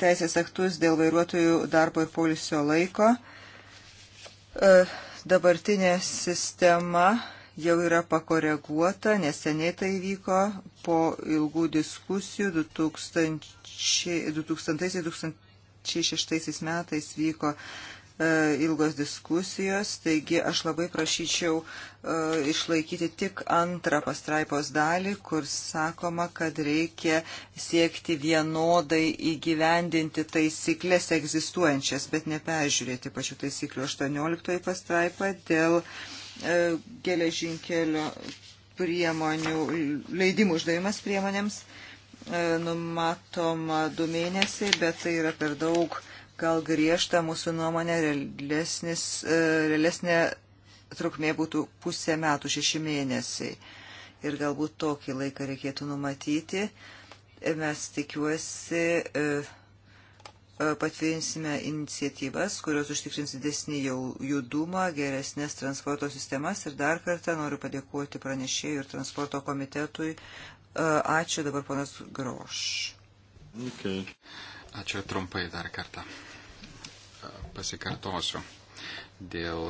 teisės aktus dėl vairuotojų darbo ir polisio laiko. E, dabartinė sistema jau yra pakoreguota, neseniai tai vyko po ilgų diskusijų 2000-2006 metais vyko E, ilgos diskusijos, taigi aš labai prašyčiau e, išlaikyti tik antrą pastraipos dalį, kur sakoma, kad reikia siekti vienodai įgyvendinti taisyklės egzistuojančias, bet neperžiūrėti pačių taisyklių 18 pastraipą dėl e, geležinkelio priemonių, leidimų uždavimas priemonėms numatoma du mėnesiai, bet tai yra per daug uh, gal griežta mūsų nuomonė, e, realesnė trukmė būtų pusę metų, šeši mėnesiai. Ir galbūt tokį laiką reikėtų numatyti. E, mes tikiuosi e, patvirtinsime iniciatyvas, kurios užtikrins didesnį jau judumą, geresnės transporto sistemas. Ir dar kartą noriu padėkoti pranešėjui ir transporto komitetui. Ačiū dabar ponas Groš. Okay. Ačiū trumpai dar kartą. Pasikartosiu. Dėl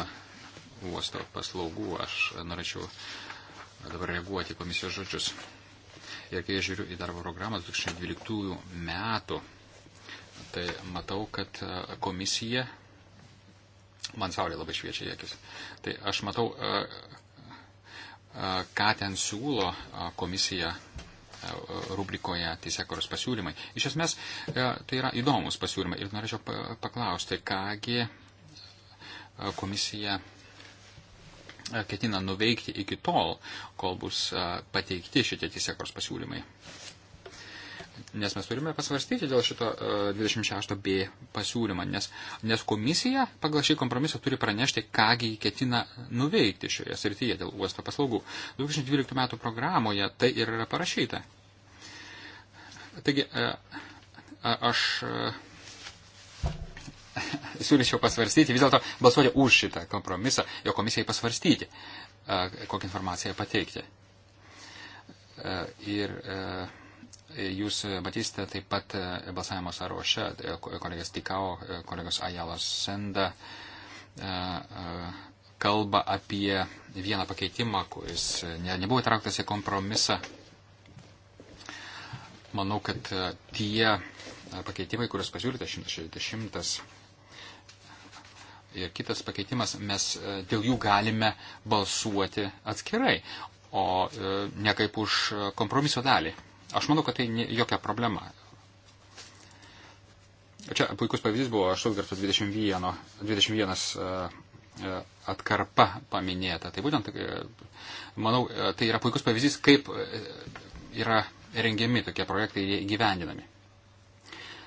uosto paslaugų aš norėčiau dabar reaguoti komisijos žodžius. Ir kai žiūriu į darbo programą 2012 metų, tai matau, kad komisija man saulė labai šviečia į akis. Tai aš matau, ką ten siūlo komisija rubrikoje teisėkoros pasiūlymai. Iš esmės, e, tai yra įdomus pasiūlymai ir norėčiau paklausti, kągi e, komisija e, ketina nuveikti iki tol, kol bus pateikti šitie teisėkoros pasiūlymai. Nes mes turime pasvarstyti dėl šito 26b e, pasiūlymą, nes, nes komisija pagal šį kompromisą turi pranešti, kągi ketina nuveikti šioje srityje dėl uosto paslaugų. 2012 metų programoje tai ir yra parašyta. Taigi, e, aš e, siūlyčiau pasvarstyti, vis dėlto balsuoti už šitą kompromisą, jo komisijai pasvarstyti, kokią informaciją pateikti. Ir Jūs matysite taip pat e, balsavimo sąraše e, kolegas Tikao, e, kolegos Ajalas Senda kalba apie vieną pakeitimą, kuris ne, nebuvo įtrauktas į kompromisą. Manau, kad tie pakeitimai, kuriuos pasiūlyta 160 ir kitas pakeitimas, mes dėl jų galime balsuoti atskirai, o ne kaip už kompromiso dalį. Aš manau, kad tai jokia problema. Čia puikus pavyzdys buvo Štutgarto 21, 21 atkarpa paminėta. Tai būtent, e, manau, e, tai yra puikus pavyzdys, kaip e, yra rengiami tokie projektai gyvendinami.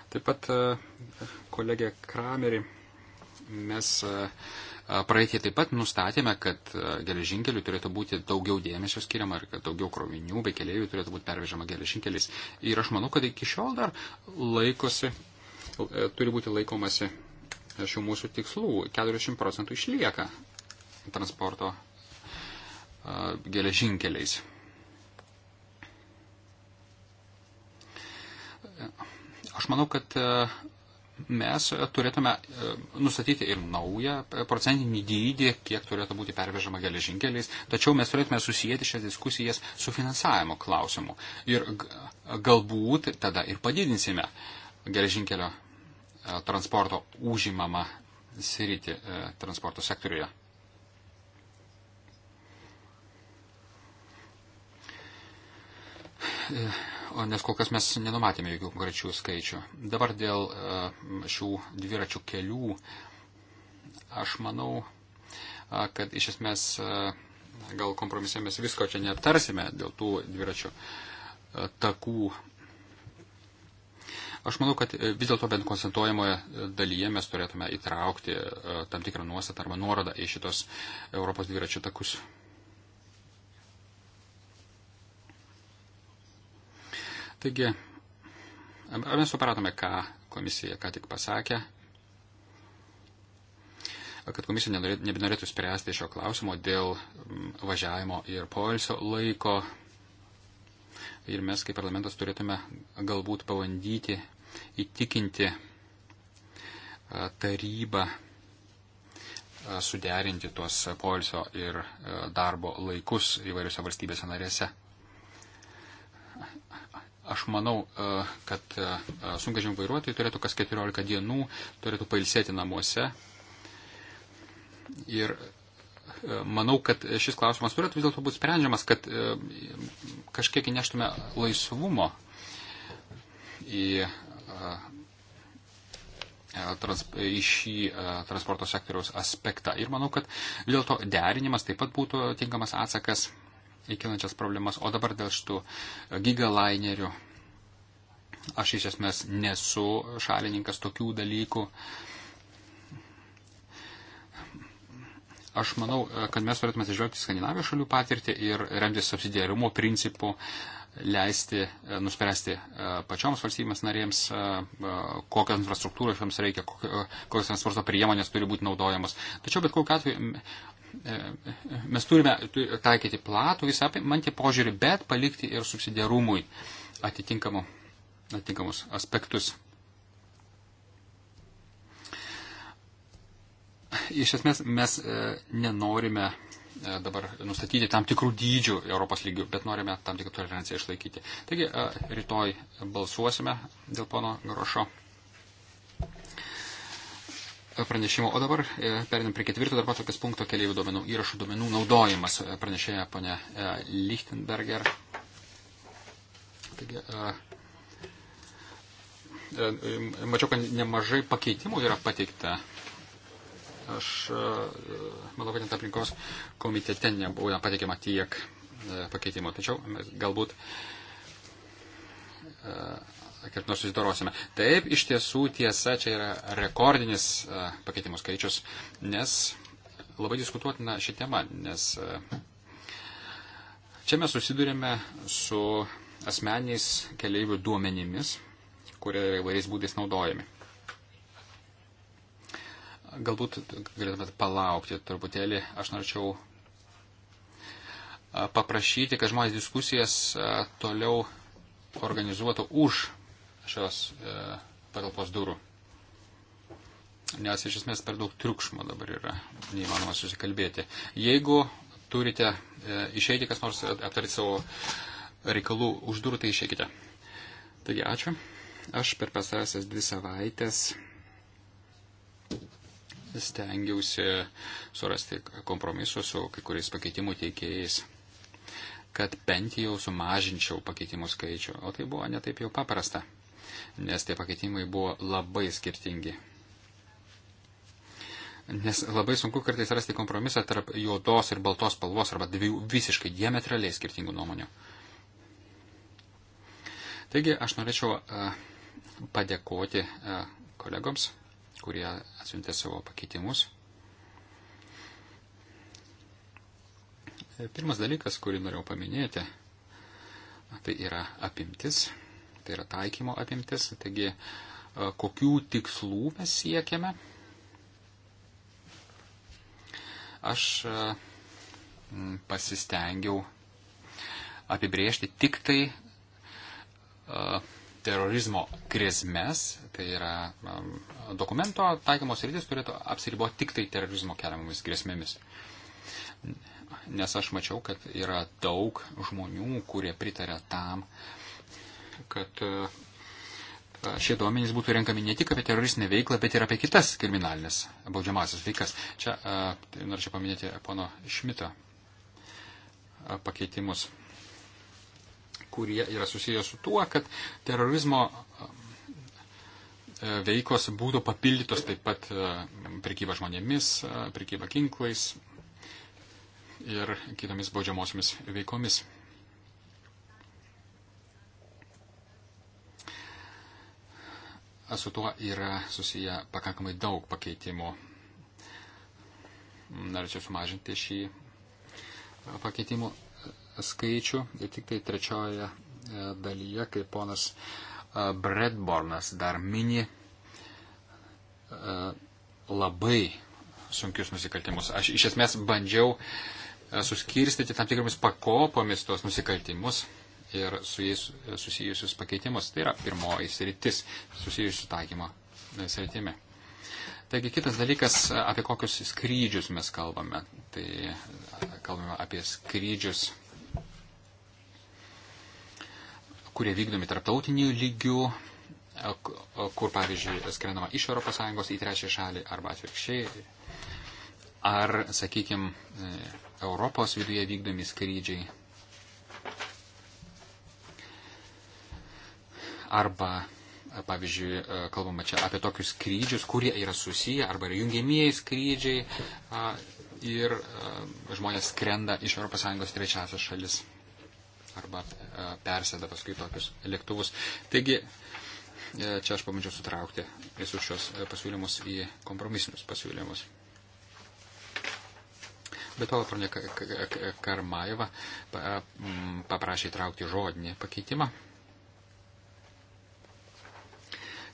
Taip pat, kolegė Krameri, mes Praeitie taip pat nustatėme, kad e, geležinkeliu turėtų būti daugiau dėmesio skiriama ir kad daugiau krovinių bei keliaivių turėtų būti pervežama geležinkelis. Ir aš manau, kad iki šiol dar laikosi, e, turi būti laikomasi šių mūsų tikslų. 40 procentų išlieka transporto e, geležinkeliais. Aš manau, kad mes e, turėtume e, nustatyti ir naują e, procentinį dydį, kiek turėtų būti pervežama geležinkeliais, tačiau mes turėtume susijęti šias diskusijas su finansavimo klausimu. Ir galbūt tada ir padidinsime geležinkelio transporto užimamą sritį transporto sektoriuje. Yeah nes kol kas mes nenumatėme jokių konkrečių skaičių. Dabar dėl e, šių dviračių kelių aš manau, e, kad iš esmės e, gal kompromise mes visko čia netarsime dėl tų dviračių takų. Aš manau, kad vis dėlto bent koncentruojamoje dalyje mes turėtume įtraukti tam tikrą nuostatą arba nuorodą į šitos Europos dviračių takus. Taigi, mes supratome, ką komisija ką tik pasakė, kad komisija nebenorėtų spręsti šio klausimo dėl mm, važiavimo ir poilsio laiko. Ir mes kaip parlamentas turėtume galbūt pabandyti įtikinti tarybą suderinti tuos poilsio ir darbo laikus įvairiose valstybėse narėse. Aš manau, e, kad e, e, sunkvežimių vairuotojai turėtų kas 14 dienų, turėtų pailsėti namuose. Ir manau, kad šis klausimas turėtų vis dėlto būti sprendžiamas, kad kažkiek įneštume laisvumo į, trans, į šį transporto sektoriaus aspektą. Ir manau, kad vis dėlto derinimas taip pat būtų tinkamas atsakas įkilančias problemas. O dabar dėl šitų gigalainerių. Aš iš esmės nesu šalininkas tokių dalykų. Aš manau, kad mes turėtume atsižvelgti Skandinavijos šalių patirtį ir remtis subsidiarumo principu leisti nuspręsti e, pačioms valstybėms narėms, e, e, kokią infrastruktūrą joms reikia, kokios transporto priemonės turi būti naudojamos. Tačiau bet kokiu atveju E, mes turime taikyti platų visą apimantį požiūrį, bet palikti ir subsidiarumui atitinkamu, atitinkamus aspektus. Iš esmės mes e, nenorime e, dabar nustatyti tam tikrų dydžių Europos lygių, bet norime tam tikrą toleranciją išlaikyti. Taigi rytoj balsuosime dėl pono Grošo pranešimo. O dabar e, perinam prie ketvirto darbo tokias punkto keliaivių duomenų įrašų duomenų naudojimas. E, pranešėja ponė e, Lichtenberger. Taigi, mačiau, kad nemažai pakeitimų yra pateikta. Aš manau, kad net aplinkos komitete nebuvo pateikiama tiek pakeitimų. Tačiau galbūt kaip nors susidorosime. Taip, iš tiesų tiesa, čia yra rekordinis e, pakeitimų skaičius, nes labai diskutuotina ši tema, nes e, čia mes susidurėme su asmeniais keliaivių duomenimis, kurie yra įvairiais būdais naudojami. Galbūt galėtumėt palaukti truputėlį, aš norėčiau e, paprašyti, kad žmonės diskusijas toliau organizuotų už šios e, patalpos durų. Nes iš esmės per daug triukšmo dabar yra, neįmanoma susikalbėti. Jeigu turite e, išeiti, kas nors aptarti savo reikalų už durų, tai išeikite. Taigi, ačiū. Aš per pasarasias dvi savaitės stengiausi surasti kompromisu su kai kuriais pakeitimų teikėjais, kad bent jau sumažinčiau pakeitimų skaičių, o tai buvo netaip jau paprasta nes tie pakeitimai buvo labai skirtingi. Nes labai sunku kartais rasti kompromisą tarp juodos ir baltos spalvos arba dviejų visiškai diametraliai skirtingų nuomonių. Taigi aš norėčiau e, padėkoti e, kolegoms, kurie atsiuntė savo pakeitimus. E, pirmas dalykas, kurį norėjau paminėti, tai yra apimtis tai yra taikymo apimtis, taigi e, kokių tikslų mes siekiame. Aš e, pasistengiau apibriežti tik tai e, terorizmo grėsmės, tai yra dokumento taikymos rytis turėtų apsiriboti tik tai terorizmo keliamomis grėsmėmis. Nes aš mačiau, kad yra daug žmonių, kurie pritarė tam, uh, kad e, e, šie duomenys būtų renkami ne tik apie teroristinę veiklą, bet ir apie kitas kriminalinės baudžiamasias veikas. Čia e, tai norėčiau paminėti pono Šmito pakeitimus, kurie yra susijęs su tuo, kad terorizmo veikos būtų papildytos taip pat prekyba žmonėmis, prekyba ginklais ir kitomis baudžiamosiomis veikomis. su tuo yra susiję pakankamai daug pakeitimų. Norėčiau sumažinti šį e, pakeitimų e, skaičių ir tik tai trečioje e, dalyje, kai ponas Bredbornas dar mini labai sunkius nusikaltimus. Aš iš esmės bandžiau suskirstyti tam tikromis pakopomis tuos nusikaltimus ir su jais susijusius pakeitimus. Tai yra pirmoji sritis susijusių taikymo sritimi. Taigi kitas dalykas, apie kokius skrydžius mes kalbame. Tai kalbame apie skrydžius, kurie vykdomi tarptautinių lygių, kur, pavyzdžiui, skrendama iš ES į trečią šalį arba atvirkščiai. Ar, sakykime, Europos viduje vykdomi skrydžiai arba, e, pavyzdžiui, e, kalbama čia apie tokius skrydžius, kurie yra susiję arba yra jungiamieji skrydžiai ir e, žmonės skrenda iš ES trečiasios šalis arba persėda paskui tokius lėktuvus. Taigi, čia aš pabandžiau sutraukti visus šios pasiūlymus į kompromisinius pasiūlymus. Bet to pranė Karmaeva paprašė įtraukti žodinį pakeitimą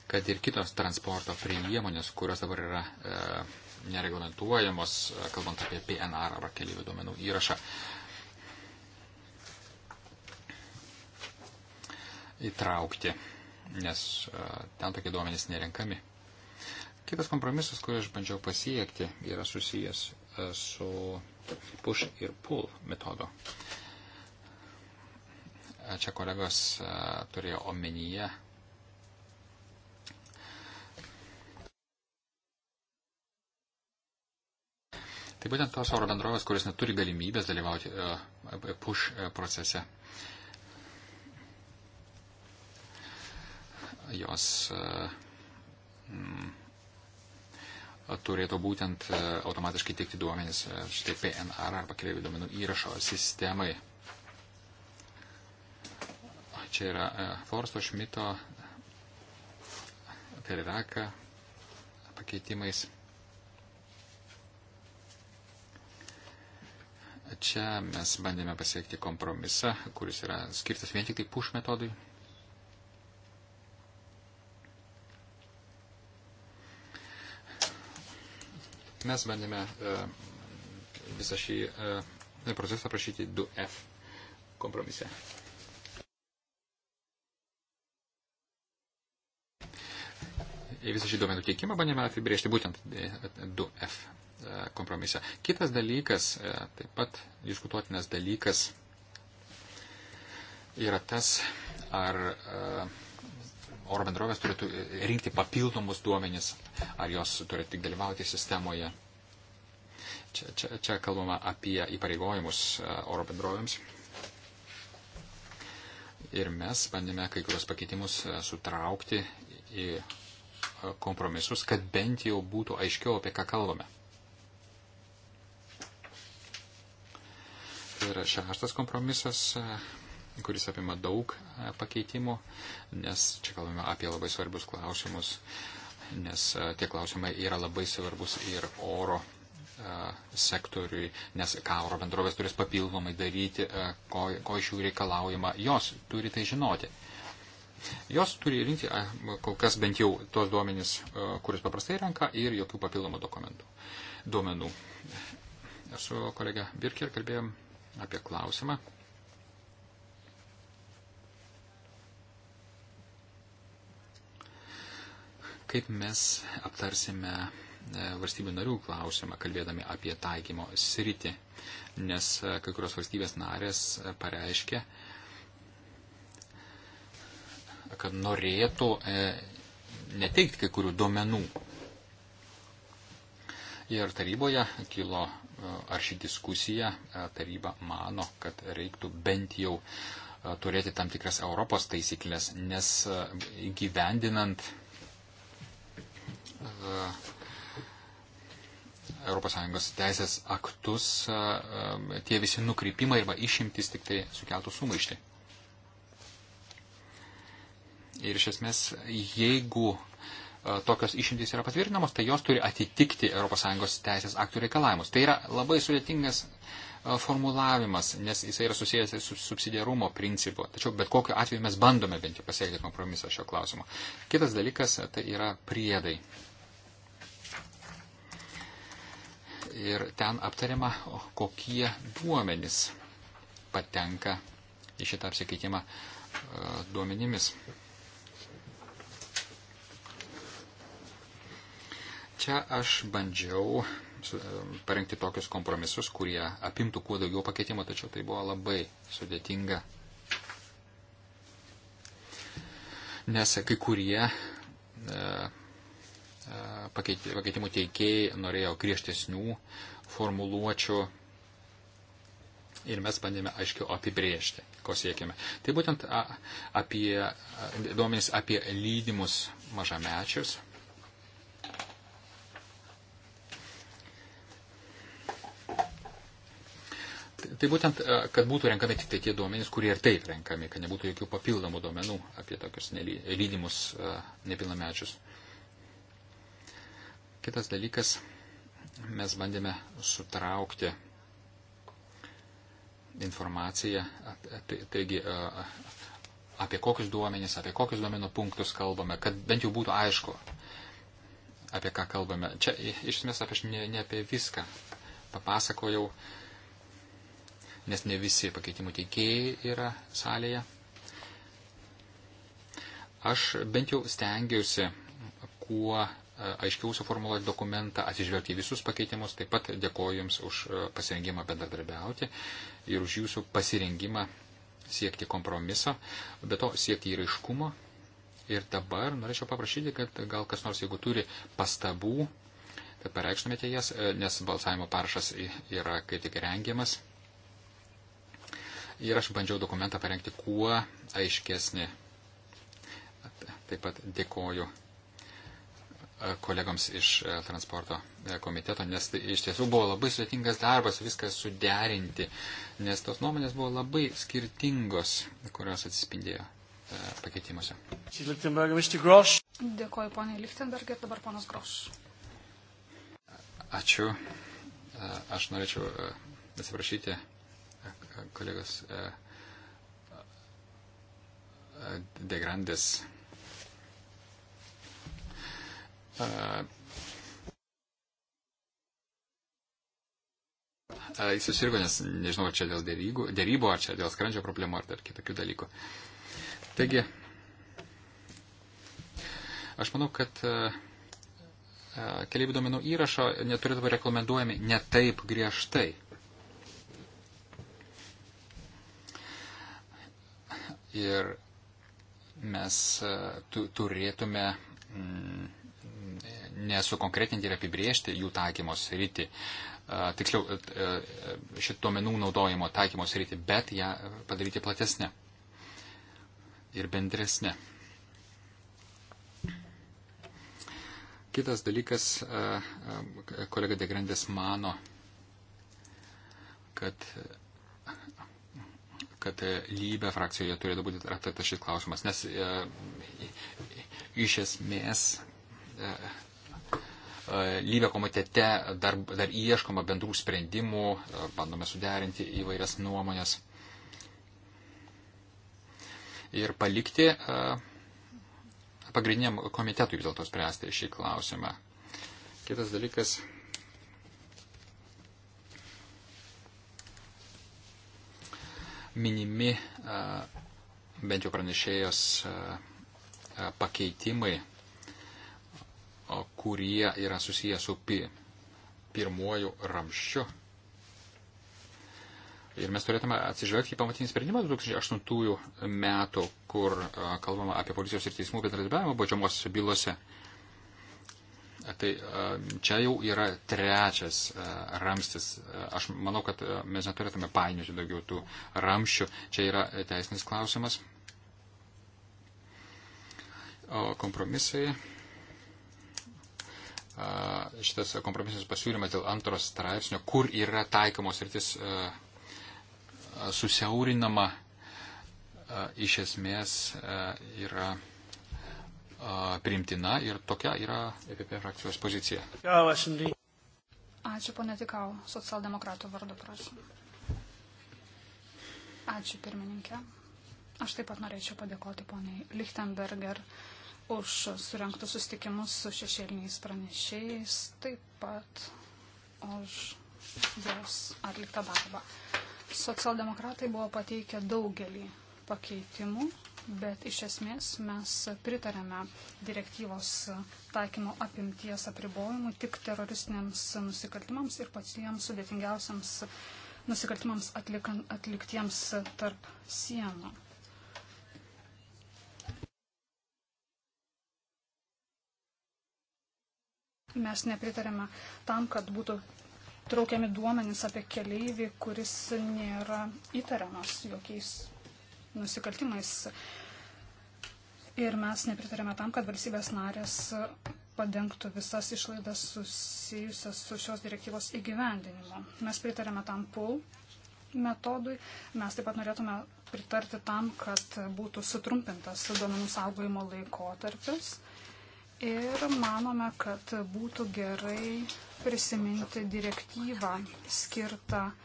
kad ir kitos transporto priemonės, kurios dabar yra e, nereglamentuojamos, e, kalbant apie PNR arba keliaivių duomenų įrašą, įtraukti, nes e, ten tokie duomenys nerenkami. Kitas kompromisas, kurį aš bandžiau pasiekti, yra susijęs e, su push ir pull metodu. E, čia kolegos e, turėjo omenyje Tai būtent tos oro bendrovės, kuris neturi galimybės dalyvauti e, e, push e, procese. Jos mm, turėtų būtent automatiškai teikti duomenis štai PNR arba kreivių duomenų įrašo sistemai. Čia yra Forsto Šmito, Ferraka pakeitimais. Čia mes bandėme pasiekti kompromisą, kuris yra skirtas vien tik tai push metodui. Mes bandėme e, visą šį e, procesą prašyti 2F kompromise. Į visą šį duomenų teikimą bandėme apibriežti būtent 2F e, E, kompromise. Kitas dalykas, e, taip pat diskutuotinas dalykas, yra tas, ar e, oro bendrovės turėtų rinkti papildomus duomenis, ar jos turi tik dalyvauti sistemoje. Čia, čia, čia kalbama apie įpareigojimus oro bendrovėms. Ir mes bandėme kai kurios pakeitimus sutraukti į kompromisus, kad bent jau būtų aiškiau, apie ką kalbame. ir šeštas kompromisas, e, kuris apima daug e, pakeitimų, nes čia kalbame apie labai svarbius klausimus, nes e, tie klausimai yra labai svarbus ir oro sektoriui, nes ką oro bendrovės turės papildomai daryti, ko, ko iš jų reikalaujama, jos turi tai žinoti. Jos turi rinkti kol kas bent jau tos duomenys, kuris paprastai renka ir jokių papildomų dokumentų, duomenų. Aš su kolega Birker kalbėjom apie klausimą. Kaip mes aptarsime e, valstybių narių klausimą, kalbėdami apie taikymo sritį, nes e, kai kurios valstybės narės e, pareiškia, kad norėtų neteikti kai kurių duomenų Ir taryboje kilo e, arši diskusija, e, taryba mano, kad reiktų bent jau e, turėti tam tikras Europos taisyklės, nes gyvendinant ES teisės aktus tie visi nukrypimai arba išimtis tik tai sukeltų sumaištį. Ir iš esmės, jeigu E, tokios išimtys yra patvirtinamos, tai jos turi atitikti ES teisės aktų reikalavimus. Tai yra labai sudėtingas e, formulavimas, nes jis yra susijęs su subsidiarumo principu. Tačiau bet kokiu atveju mes bandome bent jau pasiekti kompromisą šio klausimu. Kitas dalykas e, tai yra priedai. Ir ten aptariama, kokie duomenys patenka į šitą apsikeitimą duomenimis. Čia aš bandžiau parengti tokius kompromisus, kurie apimtų kuo daugiau pakeitimų, tačiau tai buvo labai sudėtinga. Nes kai kurie e, e pakeitimų teikėjai norėjo griežtesnių formuluočių ir mes bandėme aiškiau apibrėžti, ko siekime. Tai būtent apie, duomenys apie lydimus mažamečius, Tai būtent, e, kad būtų renkami tik tai tie duomenys, kurie ir taip renkami, kad nebūtų jokių papildomų duomenų apie tokius lydimus e, nepilnamečius. Kitas dalykas, mes bandėme sutraukti informaciją, taigi e, apie kokius duomenys, apie kokius duomenų punktus kalbame, kad bent jau būtų aišku, apie ką kalbame. Čia iš esmės aš ne, ne apie viską papasakojau. Uh, nes ne visi pakeitimų teikėjai yra salėje. Aš bent jau stengiausi kuo e, aiškiau suformuoluoti dokumentą, atsižvelgti į visus pakeitimus. Taip pat dėkoju Jums už e, pasirengimą bendradarbiauti ir už Jūsų pasirengimą siekti kompromiso, bet to siekti įraiškumo. Ir dabar norėčiau paprašyti, kad gal kas nors, jeigu turi pastabų, kad tai pareikštumėte jas, e, nes balsavimo parašas yra kai tik rengiamas. Ir aš bandžiau dokumentą parengti kuo aiškesnį. Taip pat dėkoju e, kolegoms iš e, transporto e, komiteto, nes tai iš tiesų buvo labai sudėtingas darbas viskas suderinti, nes tos nuomonės buvo labai skirtingos, kurios atsispindėjo pakeitimuose. Dėkuoju, ponė Lichtenberg ir dabar ponas Groš. Ačiū. Aš norėčiau atsiprašyti kolegos e, e, Degrandės. E, jis susirgo, nes nežinau, ar čia dėl dėrybų, dėrybų, ar čia dėl skrandžio problemų, ar dar kitokių dalykų. Taigi, aš manau, kad keliaivių duomenų įrašo neturėtų būti rekomenduojami ne taip griežtai. Ir mes e, tu, turėtume mm, nesukonkretinti ir apibriežti jų taikymos rytį, e, tiksliau e, šitų duomenų naudojimo taikymos rytį, bet ją padaryti platesnę ir bendresnę. Kitas dalykas, kolega Degrandės mano, kad kad e, lybė frakcijoje turėtų būti aptartas šis klausimas, nes e, iš esmės e, e, lybė komitete dar, dar ieškoma bendrų sprendimų, e, bandome suderinti įvairias nuomonės ir palikti e, pagrindiniam komitetui vis dėlto spręsti šį klausimą. Kitas dalykas. E, minimi bent jau pranešėjos pakeitimai, kurie yra susiję su pirmuoju ramščiu. Ir mes turėtume atsižvelgti į pamatinį sprendimą 2008 metų, kur kalbama apie policijos ir teismų bendradarbiavimą baudžiamosios bylose. Tai e, čia jau yra trečias e, ramstis. E, aš manau, kad mes neturėtume painioti daugiau tų ramščių. Čia yra teisinis klausimas. O kompromisai. Šitas kompromisinis pasiūlymas dėl antros straipsnio, kur yra taikomos rytis susiaurinama, iš esmės yra priimtina ir tokia yra EPP frakcijos pozicija. Ačiū, ponė Tikau, socialdemokratų vardu, prašom. Ačiū, pirmininkė. Aš taip pat norėčiau padėkoti poniai Lichtenberger už surinktus sustikimus su šešėliniais pranešėjais, taip pat už jos atliktą darbą. Socialdemokratai buvo pateikę daugelį pakeitimų bet iš esmės mes pritarėme direktyvos taikymo apimties apribojimų tik teroristiniams nusikaltimams ir patiems sudėtingiausiams nusikaltimams atlikan, atliktiems tarp sienų. Mes nepritarėme tam, kad būtų traukiami duomenys apie keleivį, kuris nėra įtariamas jokiais nusikaltimais. Ir mes nepritarėme tam, kad valstybės narės padengtų visas išlaidas susijusias su šios direktyvos įgyvendinimu. Mes pritarėme tam PUL metodui. Mes taip pat norėtume pritarti tam, kad būtų sutrumpintas duomenų saugojimo laikotarpis. Ir manome, kad būtų gerai prisiminti direktyvą skirtą uh,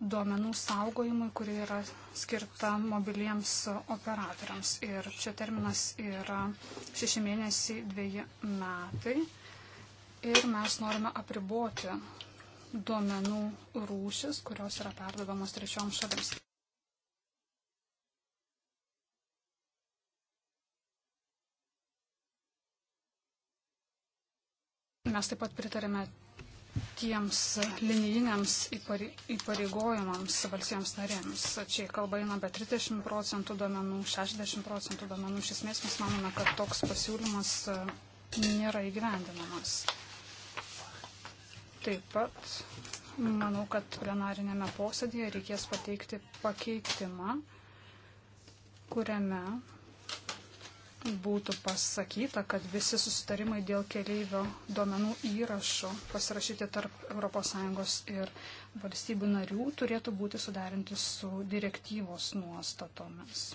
duomenų saugojimui, kuri yra skirta mobiliems operatoriams. Ir čia terminas yra 6 mėnesiai 2 metai. Ir mes norime apriboti duomenų rūšis, kurios yra perdodamos trečioms šalims. Mes taip pat pritarėme tiems linijiniams įpareigojimams valstybėms narėms. Čia kalba eina apie 30 procentų duomenų, 60 procentų duomenų. Iš esmės mes manome, kad toks pasiūlymas e, nėra įgyvendinamas. Taip pat manau, kad plenarinėme posėdėje reikės pateikti pakeitimą, kuriame būtų pasakyta, kad visi susitarimai dėl keleivio duomenų įrašų pasirašyti tarp ES ir valstybių narių turėtų būti sudarinti su direktyvos nuostatomis,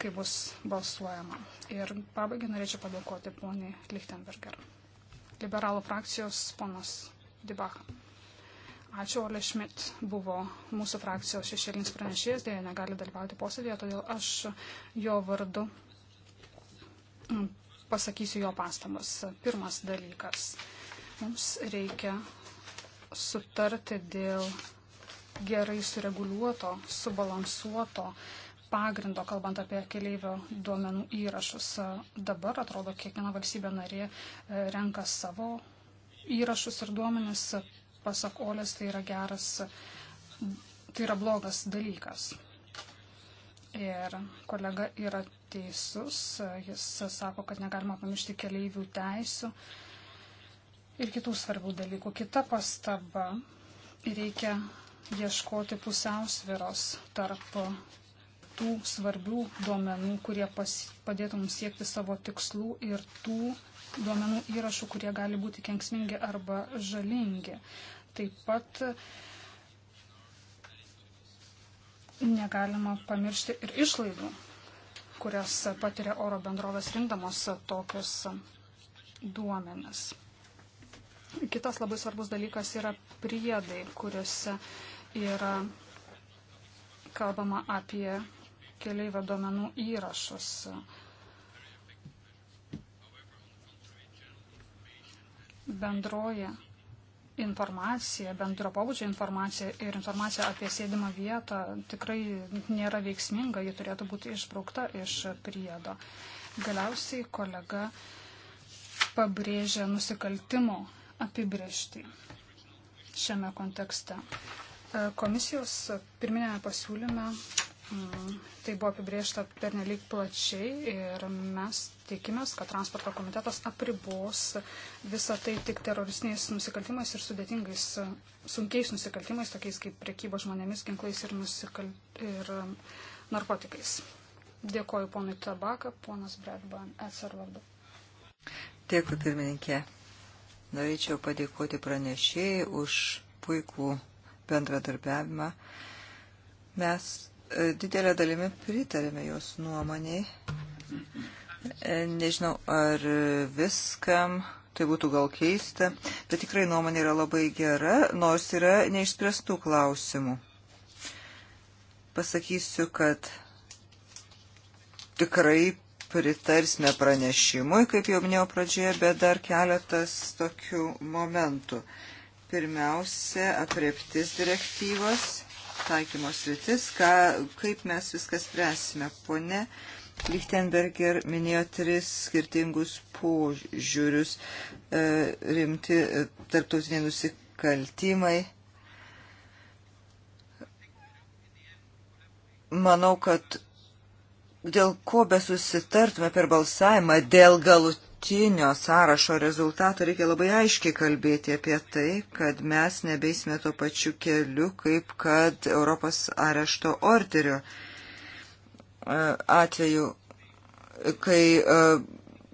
kai bus balsuojama. Ir pabaigai norėčiau padėkoti poniai Lichtenberger. Liberalų frakcijos ponas Dibacham. Ačiū, Ole Schmidt buvo mūsų frakcijos šešėlinis pranešėjas, dėja negali dalyvauti posėdėje, todėl aš jo vardu mm, pasakysiu jo pastabas. Pirmas dalykas. Mums reikia sutarti dėl gerai sureguliuoto, subalansuoto pagrindo, kalbant apie keleivio duomenų įrašus. Dabar atrodo, kiekviena valstybė narė e, renka savo įrašus ir duomenis pasak Olės, tai yra geras, tai yra blogas dalykas. Ir kolega yra teisus, jis sako, kad negalima pamiršti keleivių teisų ir kitų svarbių dalykų. Kita pastaba - reikia ieškoti pusiausviros tarp tų svarbių duomenų, kurie pas, padėtų mums siekti savo tikslų ir tų duomenų įrašų, kurie gali būti kenksmingi arba žalingi. Taip pat negalima pamiršti ir išlaidų, kurias patiria oro bendrovės rinkdamos tokius duomenis. Kitas labai svarbus dalykas yra priedai, kuriuose yra kalbama apie keliaivio duomenų įrašus. bendroja informacija, bendro pobūdžio informacija ir informacija apie sėdimą vietą tikrai nėra veiksminga, ji turėtų būti išbraukta iš priedo. Galiausiai kolega pabrėžia nusikaltimo apibriežtį šiame kontekste. Komisijos pirminėme pasiūlyme Mm, tai buvo apibriešta pernelyg plačiai ir mes tikimės, kad transporto komitetas apribos visą tai tik teroristiniais nusikaltimais ir sudėtingais, sunkiais nusikaltimais, tokiais kaip priekyba žmonėmis, ginklais ir, nusikal... ir um, narkotikais. Dėkoju ponui Tabaka, ponas Bredban, SR vardu. Dėkui pirmininkė. Norėčiau padėkoti pranešėjai už puikų bendradarbiavimą. Mes E, didelę dalimi pritarėme jos nuomoniai. E, nežinau, ar viskam tai būtų gal keista, bet tikrai nuomonė yra labai gera, nors yra neišspręstų klausimų. Pasakysiu, kad tikrai pritarsime pranešimui, kaip jau minėjau pradžioje, bet dar keletas tokių momentų. Pirmiausia, apreptis direktyvos taikymos rytis, ką, kaip mes viskas spręsime. Pone Lichtenberger minėjo tris skirtingus požiūrius e, rimti e, tarptautiniai nusikaltimai. Manau, kad dėl ko besusitartume per balsavimą, dėl galut galutinio sąrašo rezultato reikia labai aiškiai kalbėti apie tai, kad mes nebeisime to pačiu keliu, kaip kad Europos arešto orderio e, atveju, kai e,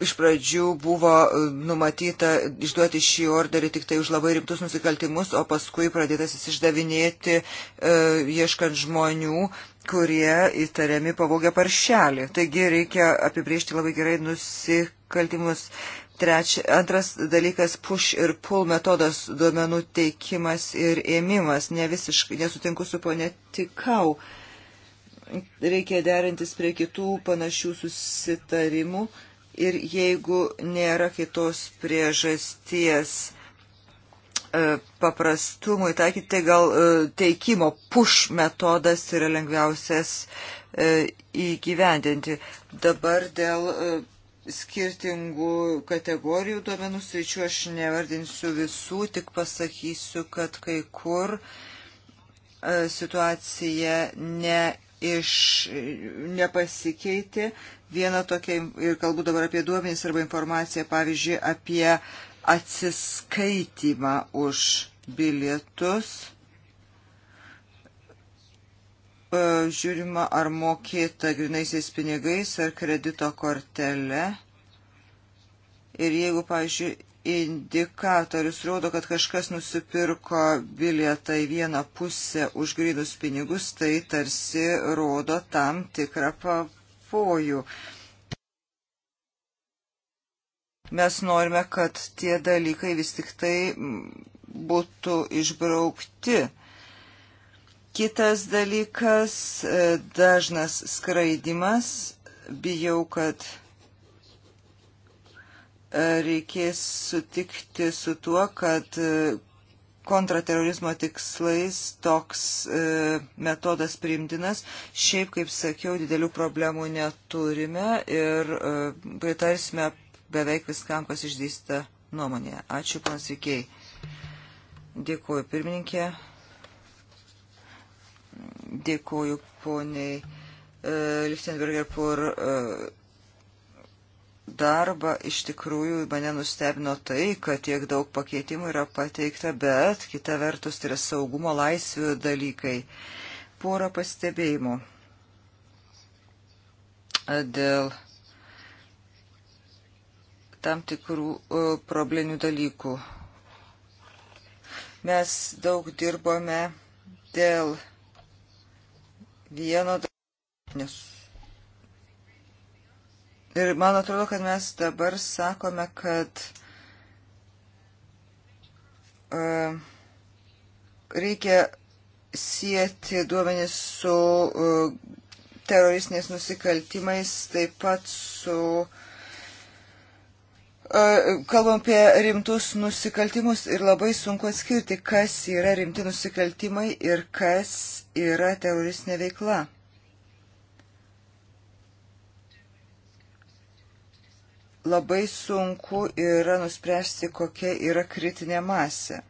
iš pradžių buvo e, numatyta išduoti šį orderį tik tai už labai rimtus nusikaltimus, o paskui pradėtas jis išdavinėti e, ieškant žmonių, kurie įtariami pavogę paršelį. Taigi reikia apibriežti labai gerai nusik nusikaltimus. Treč, antras dalykas - push ir pull metodas duomenų teikimas ir ėmimas. Ne visiškai nesutinku su ponė Tikau. Reikia derintis prie kitų panašių susitarimų ir jeigu nėra kitos priežasties e, paprastumui taikyti, tai gal e, teikimo push metodas yra lengviausias e, įgyvendinti. Dabar dėl skirtingų kategorijų duomenų sričių, aš nevardinsiu visų, tik pasakysiu, kad kai kur e, situacija ne iš, nepasikeitė. Viena tokia, ir kalbu dabar apie duomenys arba informaciją, pavyzdžiui, apie atsiskaitimą už bilietus E, žiūrima, ar mokėta grinaisiais pinigais ar kredito kortelė. Ir jeigu, pavyzdžiui, indikatorius rodo, kad kažkas nusipirko bilietą į vieną pusę už grinus pinigus, tai tarsi rodo tam tikrą pavojų. Mes norime, kad tie dalykai vis tik tai būtų išbraukti Kitas dalykas e, - dažnas skraidimas. Bijau, kad e, reikės sutikti su tuo, kad e, kontraterorizmo tikslais toks e, metodas priimtinas. Šiaip, kaip sakiau, didelių problemų neturime ir e, pritarsime beveik viskam, kas išdėsta nuomonė. Ačiū, panas Vikėjai. Dėkuoju, pirmininkė. Dėkuoju poniai e, Lichtenberger pur e, darbą. Iš tikrųjų, mane nustebino tai, kad tiek daug pakeitimų yra pateikta, bet kita vertus tai yra saugumo laisvių dalykai. Porą pastebėjimų e, dėl tam tikrų probleminių dalykų. Mes daug dirbome dėl vieno, nes. Ir man atrodo, kad mes dabar sakome, kad uh, reikia sieti duomenys su uh, teroristiniais nusikaltimais, taip pat su uh, E, kalbam apie rimtus nusikaltimus ir labai sunku atskirti, kas yra rimti nusikaltimai ir kas yra teroristinė veikla. Labai sunku yra nuspręsti, kokia yra kritinė masė.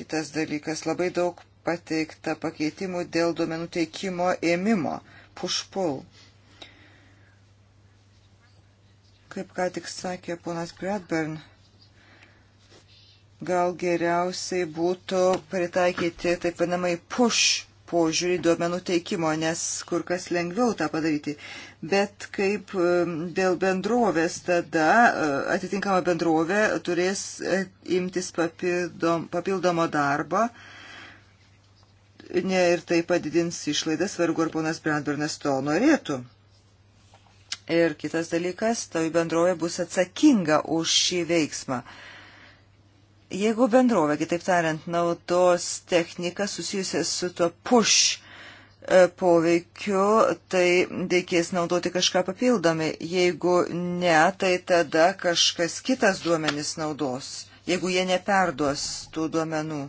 Kitas dalykas, labai daug pateikta pakeitimų dėl duomenų teikimo ėmimo, pušpul. Push -pull Kaip ką tik sakė ponas Bradburn, gal geriausiai būtų pritaikyti taip vadinamai push požiūrį duomenų teikimo, nes kur kas lengviau tą padaryti. Bet kaip um, dėl bendrovės, tada uh, atitinkama bendrovė turės uh, imtis papildom, papildomo darbo ne, ir tai padidins išlaidas, vargu ar ponas Brandurnas to norėtų. Ir kitas dalykas, toji bendrovė bus atsakinga už šį veiksmą. Jeigu bendrovė, kitaip tariant, naudos techniką susijusią su tuo push e, poveikiu, tai reikės naudoti kažką papildomai. Jeigu ne, tai tada kažkas kitas duomenis naudos, jeigu jie neperduos tų duomenų.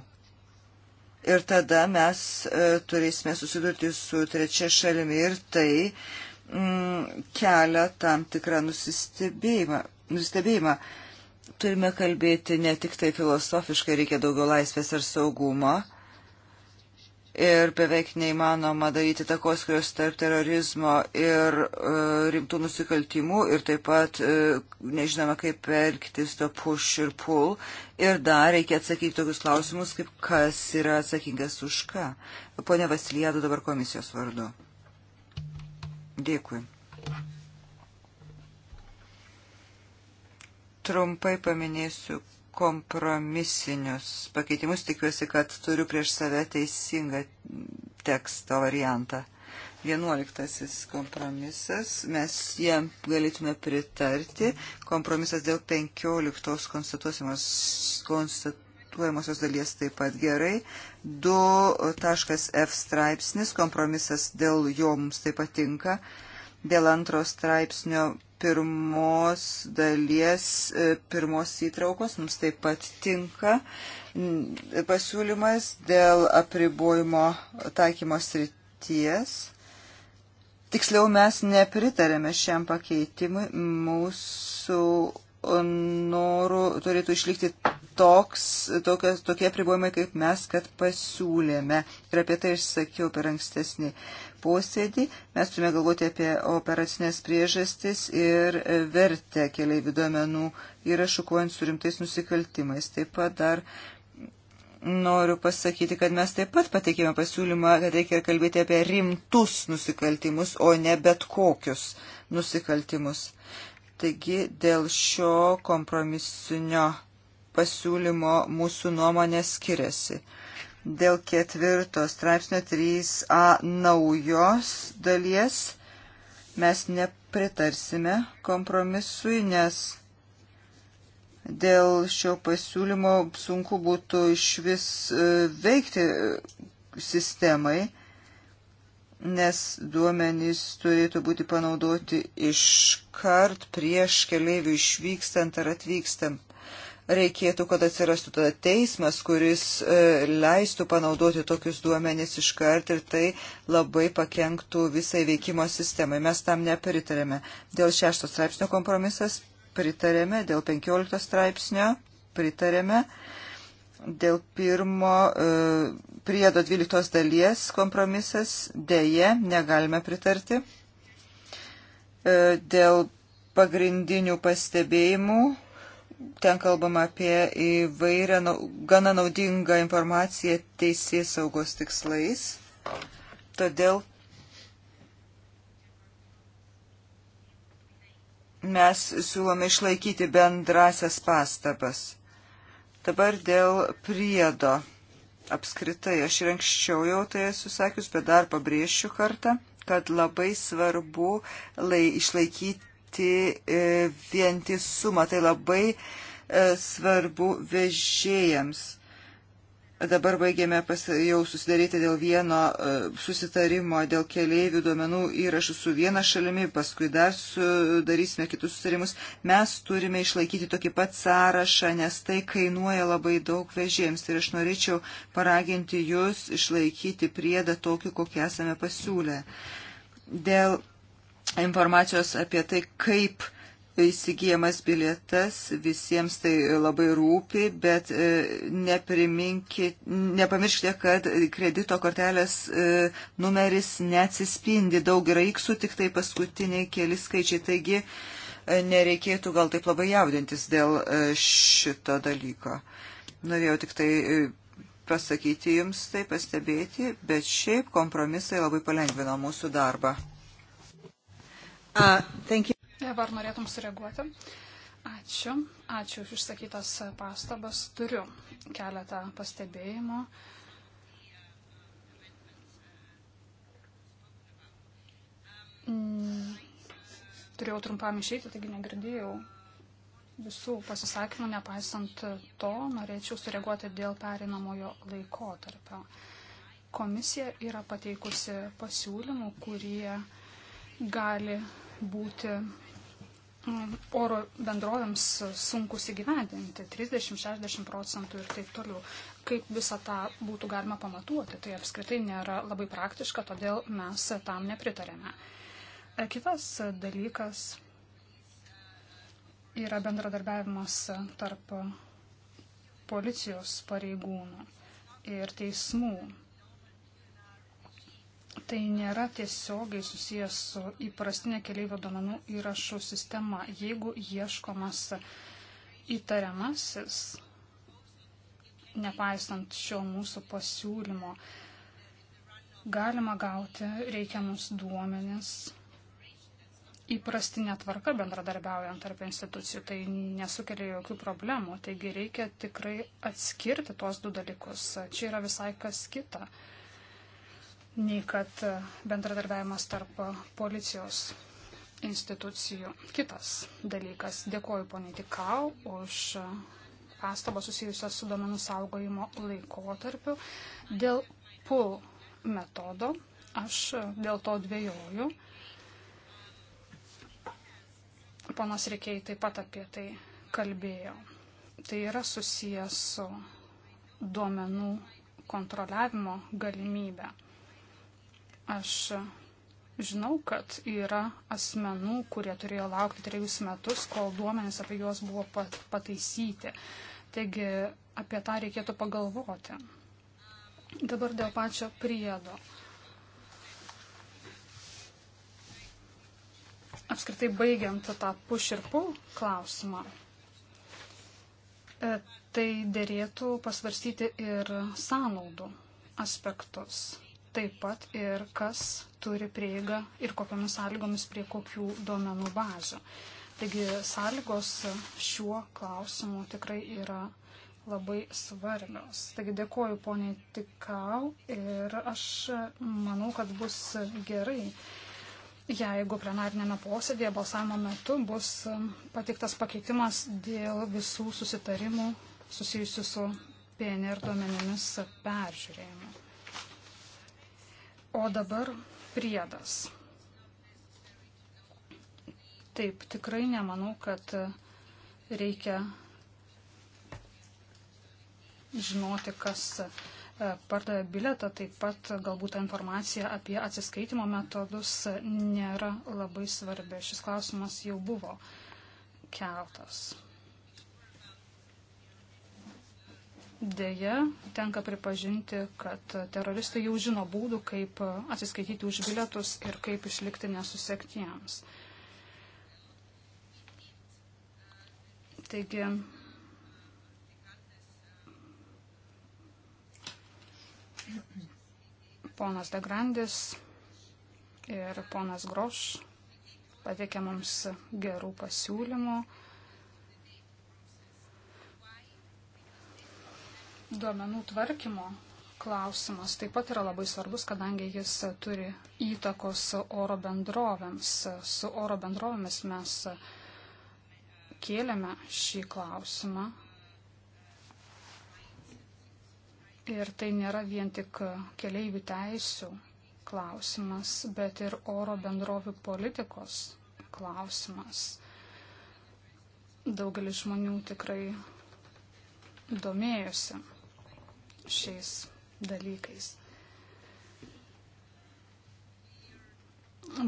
Ir tada mes e, turėsime susidurti su trečia šalimi ir tai uh, mm, kelia tam tikrą nusistebėjimą. nusistebėjimą. Turime kalbėti ne tik tai filosofiškai, reikia daugiau laisvės ir saugumo. Ir beveik neįmanoma daryti takos, kurios tarp terorizmo ir e, rimtų nusikaltimų. Ir taip pat e, nežinoma, kaip elgtis to push ir pull. Ir dar reikia atsakyti tokius klausimus, kaip kas yra atsakingas už ką. Pone Vasilijadu dabar komisijos vardu. Dėkui. Trumpai paminėsiu kompromisinius pakeitimus. Tikiuosi, kad turiu prieš save teisingą teksto variantą. Vienuoliktasis kompromisas. Mes jam galėtume pritarti. Kompromisas dėl penkioliktos konstatuosimos konstat konstatuojamosios dalies taip pat gerai. 2.f straipsnis, kompromisas dėl jo mums taip patinka. Dėl antro straipsnio pirmos dalies, e, pirmos įtraukos mums taip pat tinka pasiūlymas dėl apribojimo taikymo srities. Tiksliau mes nepritarėme šiam pakeitimui, mūsų norų turėtų išlikti toks, tokios, tokie pribojimai, kaip mes, kad pasiūlėme. Ir apie tai išsakiau per ankstesnį posėdį. Mes turime galvoti apie operacinės priežastis ir vertę keliaivių duomenų įrašų, kuojant su rimtais nusikaltimais. Taip pat dar noriu pasakyti, kad mes taip pat pateikėme pasiūlymą, kad reikia kalbėti apie rimtus nusikaltimus, o ne bet kokius nusikaltimus. Taigi dėl šio kompromisinio pasiūlymo mūsų nuomonė skiriasi. Dėl ketvirto straipsnio 3a naujos dalies mes nepritarsime kompromisui, nes dėl šio pasiūlymo sunku būtų iš vis e, veikti e, sistemai, nes duomenys turėtų būti panaudoti iškart prieš keliaivių išvykstant ar atvykstant reikėtų, kad atsirastų tada teismas, kuris e, leistų panaudoti tokius duomenys iškart ir tai labai pakenktų visai veikimo sistemai. Mes tam nepritarėme. Dėl šešto straipsnio kompromisas pritarėme, dėl penkiolikto straipsnio pritarėme, dėl pirmo e, priedo dvyliktos dalies kompromisas dėje negalime pritarti. E, dėl pagrindinių pastebėjimų ten kalbama apie įvairią gana naudingą informaciją teisės saugos tikslais. Todėl mes siūlome išlaikyti bendrasias pastabas. Dabar dėl priedo. Apskritai, aš ir anksčiau jau tai esu sakius, bet dar pabrėšiu kartą, kad labai svarbu lai, išlaikyti užtikrinti e, vientisumą. Tai labai e, svarbu vežėjams. Dabar baigėme jau susidaryti dėl vieno e, susitarimo, dėl keleivių duomenų įrašų su viena šalimi, paskui dar sudarysime kitus susitarimus. Mes turime išlaikyti tokį pat sąrašą, nes tai kainuoja labai daug vežėjams. Ir aš norėčiau paraginti jūs išlaikyti priedą tokį, kokį esame pasiūlę. Dėl informacijos apie tai, kaip įsigijamas bilietas, visiems tai labai rūpi, bet e, nepamirškite, kad kredito kortelės e, numeris neatsispindi, daug yra iksų, tik tai paskutiniai keli skaičiai, taigi e, nereikėtų gal taip labai jaudintis dėl šito dalyko. Norėjau tik tai pasakyti jums tai, pastebėti, bet šiaip kompromisai labai palengvina mūsų darbą. Uh, Dabar norėtum sureaguoti. Ačiū. Ačiū už išsakytas pastabas. Turiu keletą pastebėjimų. Mm, turėjau trumpam išeiti, taigi negirdėjau visų pasisakymų, nepaisant to, norėčiau sureaguoti dėl perinamojo laikotarpio. Komisija yra pateikusi pasiūlymų, kurie gali būti mm, oro bendrovėms sunkus įgyvendinti 30-60 procentų ir taip toliau. Kaip visą tą būtų galima pamatuoti, tai apskritai nėra labai praktiška, todėl mes tam nepritarėme. E, kitas dalykas yra bendradarbiavimas tarp policijos pareigūnų ir teismų tai nėra tiesiogiai susijęs su įprastinė keliaivio duomenų įrašų sistema. Jeigu ieškomas įtariamasis, nepaisant šio mūsų pasiūlymo, galima gauti reikiamus duomenis įprastinė tvarka bendradarbiaujant tarp institucijų, tai nesukelia jokių problemų. Taigi reikia tikrai atskirti tuos du dalykus. Čia yra visai kas kita nei kad e, bendradarbiavimas tarp e, policijos institucijų. Kitas dalykas. Dėkoju poniai Tikau už e, pastabą susijusią su domenų saugojimo laikotarpiu. Dėl pull metodo aš dėl to dvėjoju. Ponas Reikiai taip pat apie tai kalbėjo. Tai yra susijęs su duomenų kontroliavimo galimybę. Aš žinau, kad yra asmenų, kurie turėjo laukti trejus metus, kol duomenys apie juos buvo pataisyti. Taigi apie tą reikėtų pagalvoti. Dabar dėl pačio priedo. Apskritai baigiant tą push ir pull klausimą, e, tai dėrėtų pasvarstyti ir sąnaudų aspektus taip pat ir kas turi prieigą ir kokiamis sąlygomis prie kokių duomenų bazių. Taigi sąlygos šiuo klausimu tikrai yra labai svarbios. Taigi dėkoju poniai Tikau ir aš manau, kad bus gerai, jeigu plenarinėme posėdėje balsavimo metu bus patiktas pakeitimas dėl visų susitarimų susijusių su PNR duomenimis peržiūrėjimu. O dabar priedas. Taip, tikrai nemanau, kad reikia žinoti, kas e, pardavė biletą, taip pat galbūt ta informacija apie atsiskaitimo metodus nėra labai svarbi. Šis klausimas jau buvo keltas. Deja, tenka pripažinti, kad teroristai jau žino būdų, kaip atsiskaityti už bilietus ir kaip išlikti nesusektiems. Taigi, ponas Degrandis ir ponas Groš pateikė mums gerų pasiūlymų duomenų tvarkymo klausimas taip pat yra labai svarbus, kadangi jis turi įtakos oro bendrovėms. Su oro bendrovėmis mes kėlėme šį klausimą. Ir tai nėra vien tik keleivių teisių klausimas, bet ir oro bendrovių politikos klausimas. Daugelis žmonių tikrai domėjosi šiais dalykais.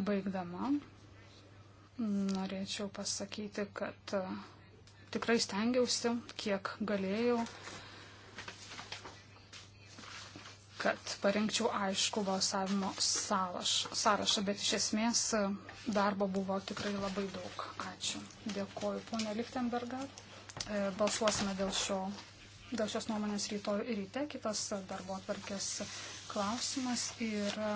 Baigdama, norėčiau pasakyti, kad e, tikrai stengiausi, kiek galėjau, kad parinkčiau aišku balsavimo sąrašą, bet iš esmės e, darbo buvo tikrai labai daug. Ačiū. Dėkoju, ponė Lichtenberga. E, balsuosime dėl šio dėl šios nuomonės rytoj ryte. Kitas darbo atvarkės klausimas yra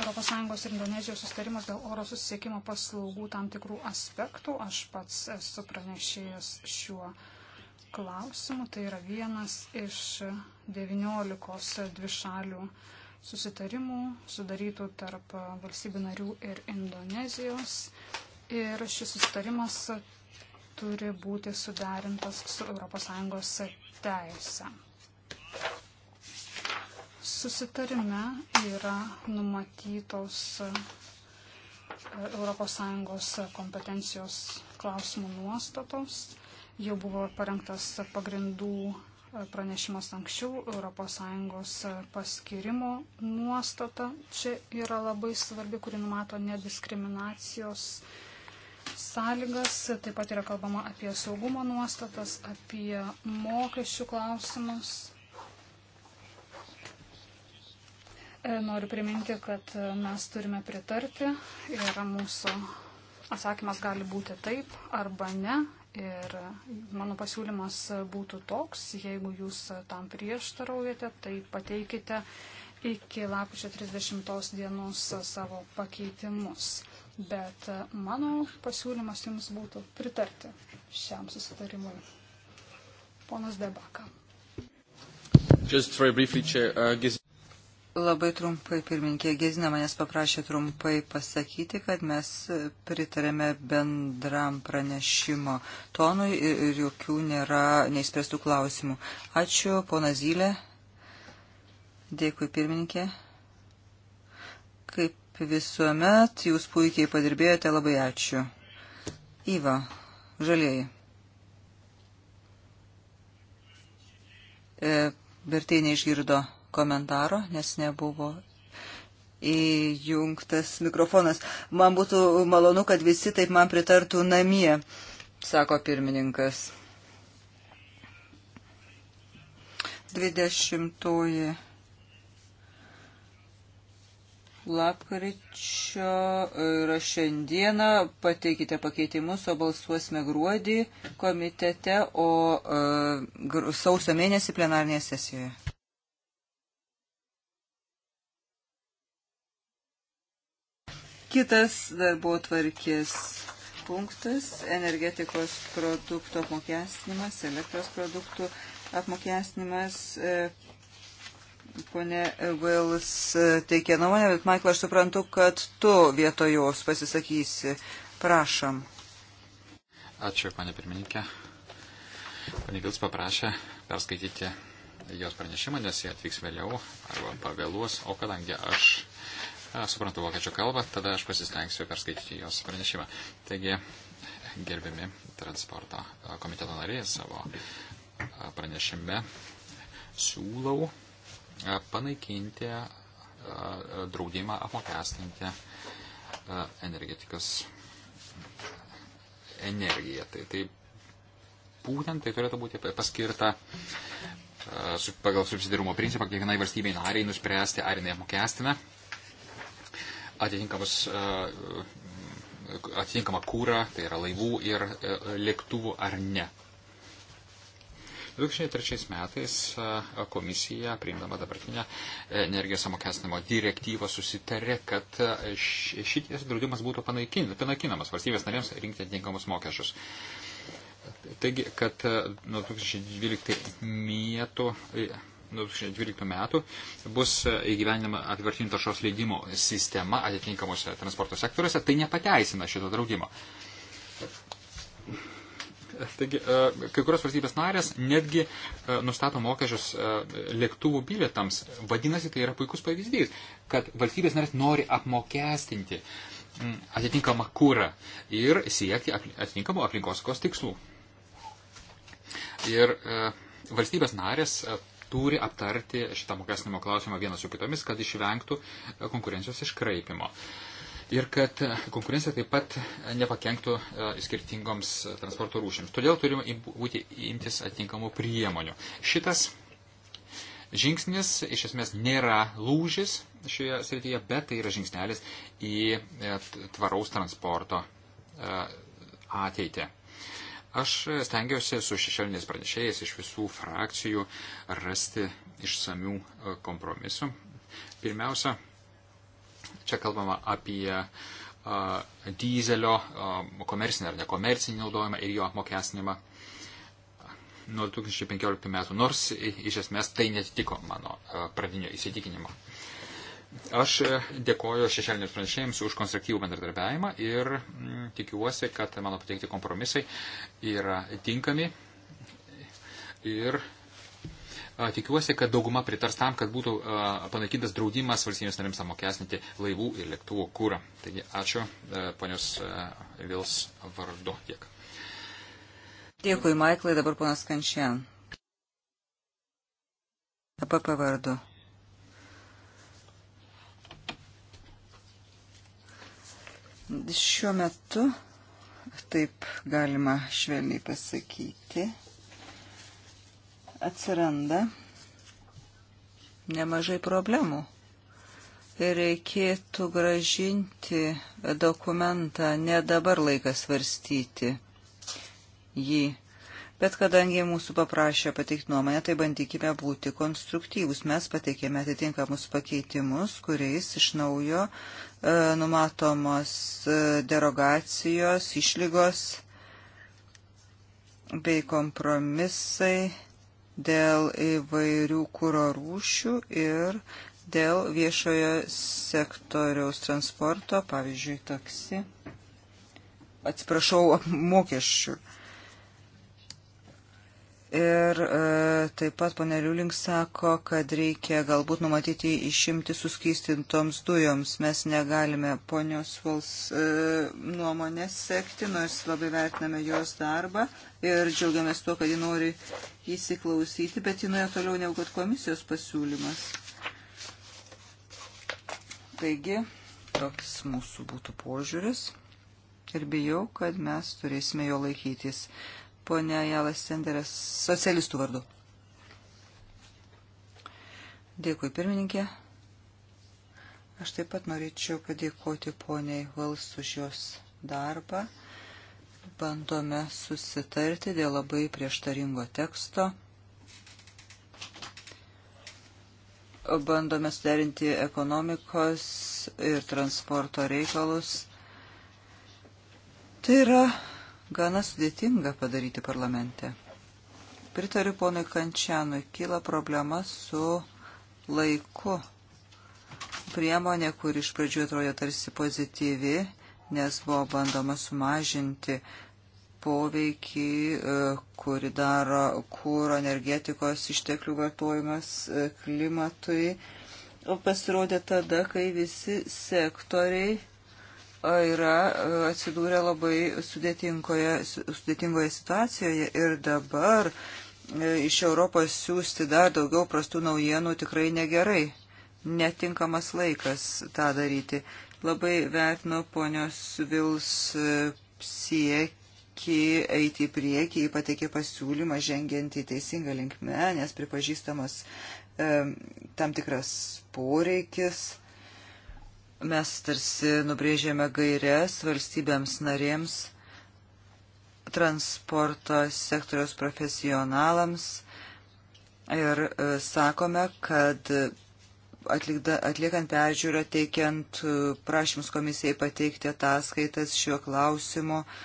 ES ir Indonezijos sustarimas dėl oro susisiekimo paslaugų tam tikrų aspektų. Aš pats esu pranešėjęs šiuo klausimu. Tai yra vienas iš 19 dvišalių susitarimų sudarytų tarp valstybių narių ir Indonezijos. Ir šis sustarimas turi būti sudarintas su ES teise. Susitarime yra numatytos ES kompetencijos klausimų nuostatos. Jau buvo parengtas pagrindų pranešimas anksčiau, ES paskirimo nuostata čia yra labai svarbi, kuri numato nediskriminacijos diskriminacijos sąlygas, taip pat yra kalbama apie saugumo nuostatas, apie mokesčių klausimus. E, noriu priminti, kad mes turime pritarti ir mūsų atsakymas gali būti taip arba ne. Ir mano pasiūlymas būtų toks, jeigu jūs tam prieštaraujate, tai pateikite iki lakučio 30 dienos savo pakeitimus bet e, mano pasiūlymas jums būtų pritarti šiam susitarimui. Ponas Debaka. Uh, Labai trumpai, pirminkė Gezina manęs paprašė trumpai pasakyti, kad mes pritarėme bendram pranešimo tonui ir, ir jokių nėra neįspręstų klausimų. Ačiū, pona Zylė. Dėkui, pirminkė kaip visuomet, jūs puikiai padirbėjote, labai ačiū. Iva, žalieji. E, Vertėjai neišgirdo komentaro, nes nebuvo įjungtas mikrofonas. Man būtų malonu, kad visi taip man pritartų namie, sako pirmininkas. 20 lapkričio yra šiandiena, pateikite pakeitimus, o balsuosime gruodį komitete, o e, sausio mėnesį plenarnėje sesijoje. Kitas darbo tvarkės punktas - energetikos produktų apmokestinimas, elektros produktų apmokestinimas. E, Pone Vils teikė nuomonę, bet Maikla, aš suprantu, kad tu vietoj jos pasisakysi. Prašom. Ačiū, pane pirmininkė. Pane Vils paprašė perskaityti jos pranešimą, nes jie atvyks vėliau arba pavėluos, o kadangi aš a, suprantu vokiečių kalbą, tada aš pasistengsiu perskaityti jos pranešimą. Taigi, gerbiami transporto komiteto nariai savo pranešime siūlau panaikinti draudimą apmokestinti energetikos energiją. Tai, tai būtent tai turėtų būti paskirta pagal subsidirumo principą kiekvienai valstybei nariai nuspręsti, ar jinai apmokestina atitinkamus atitinkamą kūrą, tai yra laivų ir lėktuvų ar ne. 2003 metais komisija, priimdama dabartinę energijos amokestinimo direktyvą, susitarė, kad šities draudimas būtų panaikinamas valstybės narėms rinkti atitinkamus mokesčius. Taigi, kad nuo 2012 metų nuo 2012 metų bus įgyvenima apivartinių taršos leidimo sistema atitinkamuose transporto sektoriuose, tai nepateisina šito draudimo. Taigi, e, kai kurios valstybės narės netgi e, nustato mokesčius e, lėktuvų bilietams. Vadinasi, tai yra puikus pavyzdys, kad valstybės narės nori apmokestinti mm, atitinkamą kūrą ir siekti atitinkamų aplinkosaugos tikslų. Ir valstybės narės turi aptarti šitą mokestinimo klausimą vienas su kitomis, kad išvengtų konkurencijos iškraipimo. Uh, ir kad e, konkurencija taip pat e, nepakenktų e, skirtingoms transporto rūšims. Todėl turime būti imtis atinkamų priemonių. Šitas žingsnis iš esmės nėra lūžis šioje srityje, bet tai yra žingsnelis į tvaraus transporto ateitį. Aš stengiausi su šešėliniais pranešėjais iš visų frakcijų rasti išsamių kompromisų. Pirmiausia, Čia kalbama apie dizelio komercinį ar nekomercinį naudojimą ir jo apmokestinimą nuo 2015 metų, nors iš esmės tai netitiko mano pradinio įsitikinimo. Aš e, dėkoju šešėlinius pranešėjams už konstruktyvų bendradarbiavimą ir tikiuosi, kad mano pateikti kompromisai yra tinkami ir Tikiuosi, kad dauguma pritars tam, kad būtų panaikintas draudimas valstybės narims apmokestinti laivų ir lėktuvų kūrą. Taigi ačiū ponios Vils vardu tiek. Dėkui, Maiklai, dabar ponas Kančian. APP e vardu. Šiuo metu, taip galima švelniai pasakyti, atsiranda nemažai problemų. Ir reikėtų gražinti dokumentą, ne dabar laikas svarstyti jį. Bet kadangi mūsų paprašė pateikti nuomonę, tai bandykime būti konstruktyvus. Mes pateikėme atitinkamus pakeitimus, kuriais iš naujo e, numatomos e, derogacijos, išlygos bei kompromisai dėl įvairių kūro rūšių ir dėl viešojo sektoriaus transporto, pavyzdžiui, taksi. Atsiprašau, mokesčių. Ir e, taip pat ponė Liulink sako, kad reikia galbūt numatyti išimti suskystintoms dujoms. Mes negalime ponios Vals e, nuomonės sekti, nors labai vertiname jos darbą ir džiaugiamės tuo, kad ji nori įsiklausyti, bet ji nuėjo toliau negu kad komisijos pasiūlymas. Taigi, toks mūsų būtų požiūris ir bijau, kad mes turėsime jo laikytis. E, ponia Jalas Senderas, socialistų vardu. Dėkui, pirmininkė. Aš taip pat norėčiau padėkoti poniai Vals už jos darbą. Bandome susitarti dėl labai prieštaringo teksto. Bandome suderinti ekonomikos ir transporto reikalus. Tai yra gana sudėtinga padaryti parlamente. Pritariu ponui Kančianui, kyla problema su laiku. Priemonė, kur iš pradžių atrodė tarsi pozityvi, nes buvo bandoma sumažinti poveikį, e, kuri daro kūro energetikos išteklių vartojimas e, klimatui, pasirodė tada, kai visi sektoriai yra e, atsidūrę labai sudėtingoje, sudėtingoje situacijoje ir dabar e, iš Europos siūsti dar daugiau prastų naujienų tikrai negerai. Netinkamas laikas tą daryti. Labai vertinu ponios Vils e, sieki eiti į priekį, pateikė pasiūlymą žengiant į teisingą linkmę, nes pripažįstamas e, tam tikras poreikis Mes tarsi nubrėžėme gairias valstybėms narėms, transporto sektoriaus profesionalams ir e, sakome, kad atlikda, atliekant peržiūrą, teikiant e, prašymus komisijai pateikti ataskaitas šiuo klausimu, uh,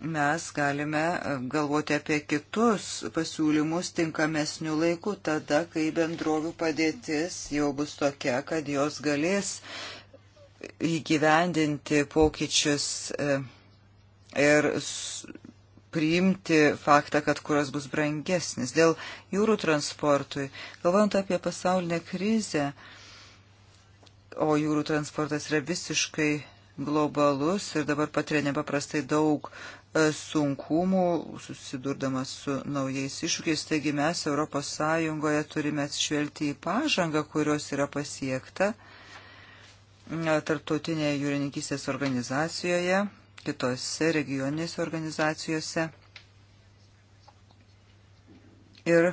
mes galime e, galvoti apie kitus pasiūlymus tinkamesnių laikų, tada, kai bendrovių padėtis jau bus tokia, kad jos galės įgyvendinti pokyčius e, ir priimti faktą, kad kuras bus brangesnis. Dėl jūrų transportui, galvojant apie pasaulinę krizę, o jūrų transportas yra visiškai globalus ir dabar patiria nepaprastai daug E, sunkumų, susidurdamas su naujais iššūkiais. Taigi mes ES turime atsižvelgti į pažangą, kurios yra pasiekta e, tarptautinėje jūrininkystės organizacijoje, kitose regioninėse organizacijose. Ir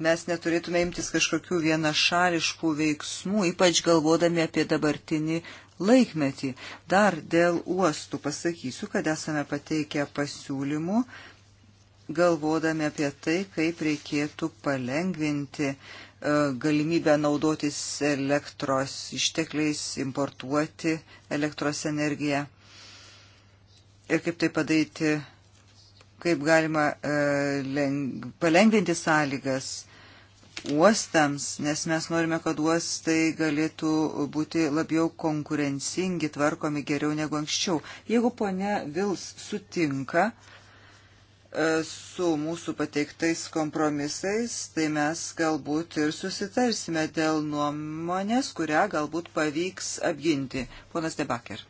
mes neturėtume imtis kažkokių vienašališkų veiksmų, ypač galvodami apie dabartinį laikmetį. Dar dėl uostų pasakysiu, kad esame pateikę pasiūlymų, galvodami apie tai, kaip reikėtų palengvinti e, galimybę naudotis elektros ištekliais, importuoti elektros energiją. Ir kaip tai padaryti, kaip galima e, leng... palengvinti sąlygas uostams, nes mes norime, kad uostai galėtų būti labiau konkurencingi, tvarkomi geriau negu anksčiau. Jeigu ponia Vils sutinka e, su mūsų pateiktais kompromisais, tai mes galbūt ir susitarsime dėl nuomonės, kurią galbūt pavyks apginti. Ponas Debaker.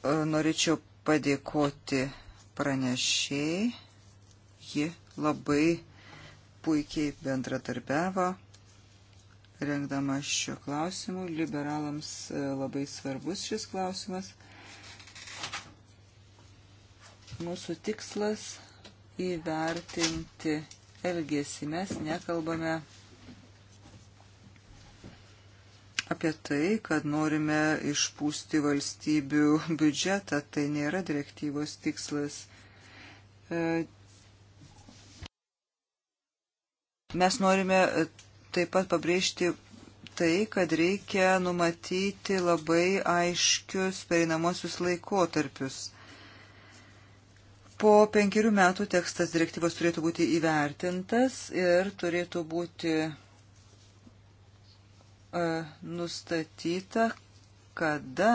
E, norėčiau padėkoti pranešėjai ji labai puikiai bendradarbiavo, rengdama šiuo klausimu. Liberalams e, labai svarbus šis klausimas. Mūsų tikslas įvertinti elgesį. Mes nekalbame apie tai, kad norime išpūsti valstybių biudžetą. Tai nėra direktyvos tikslas. E, Mes norime e, taip pat pabrėžti tai, kad reikia numatyti labai aiškius pereinamosius laikotarpius. Po penkerių metų tekstas direktyvos turėtų būti įvertintas ir turėtų būti uh, nustatyta, kada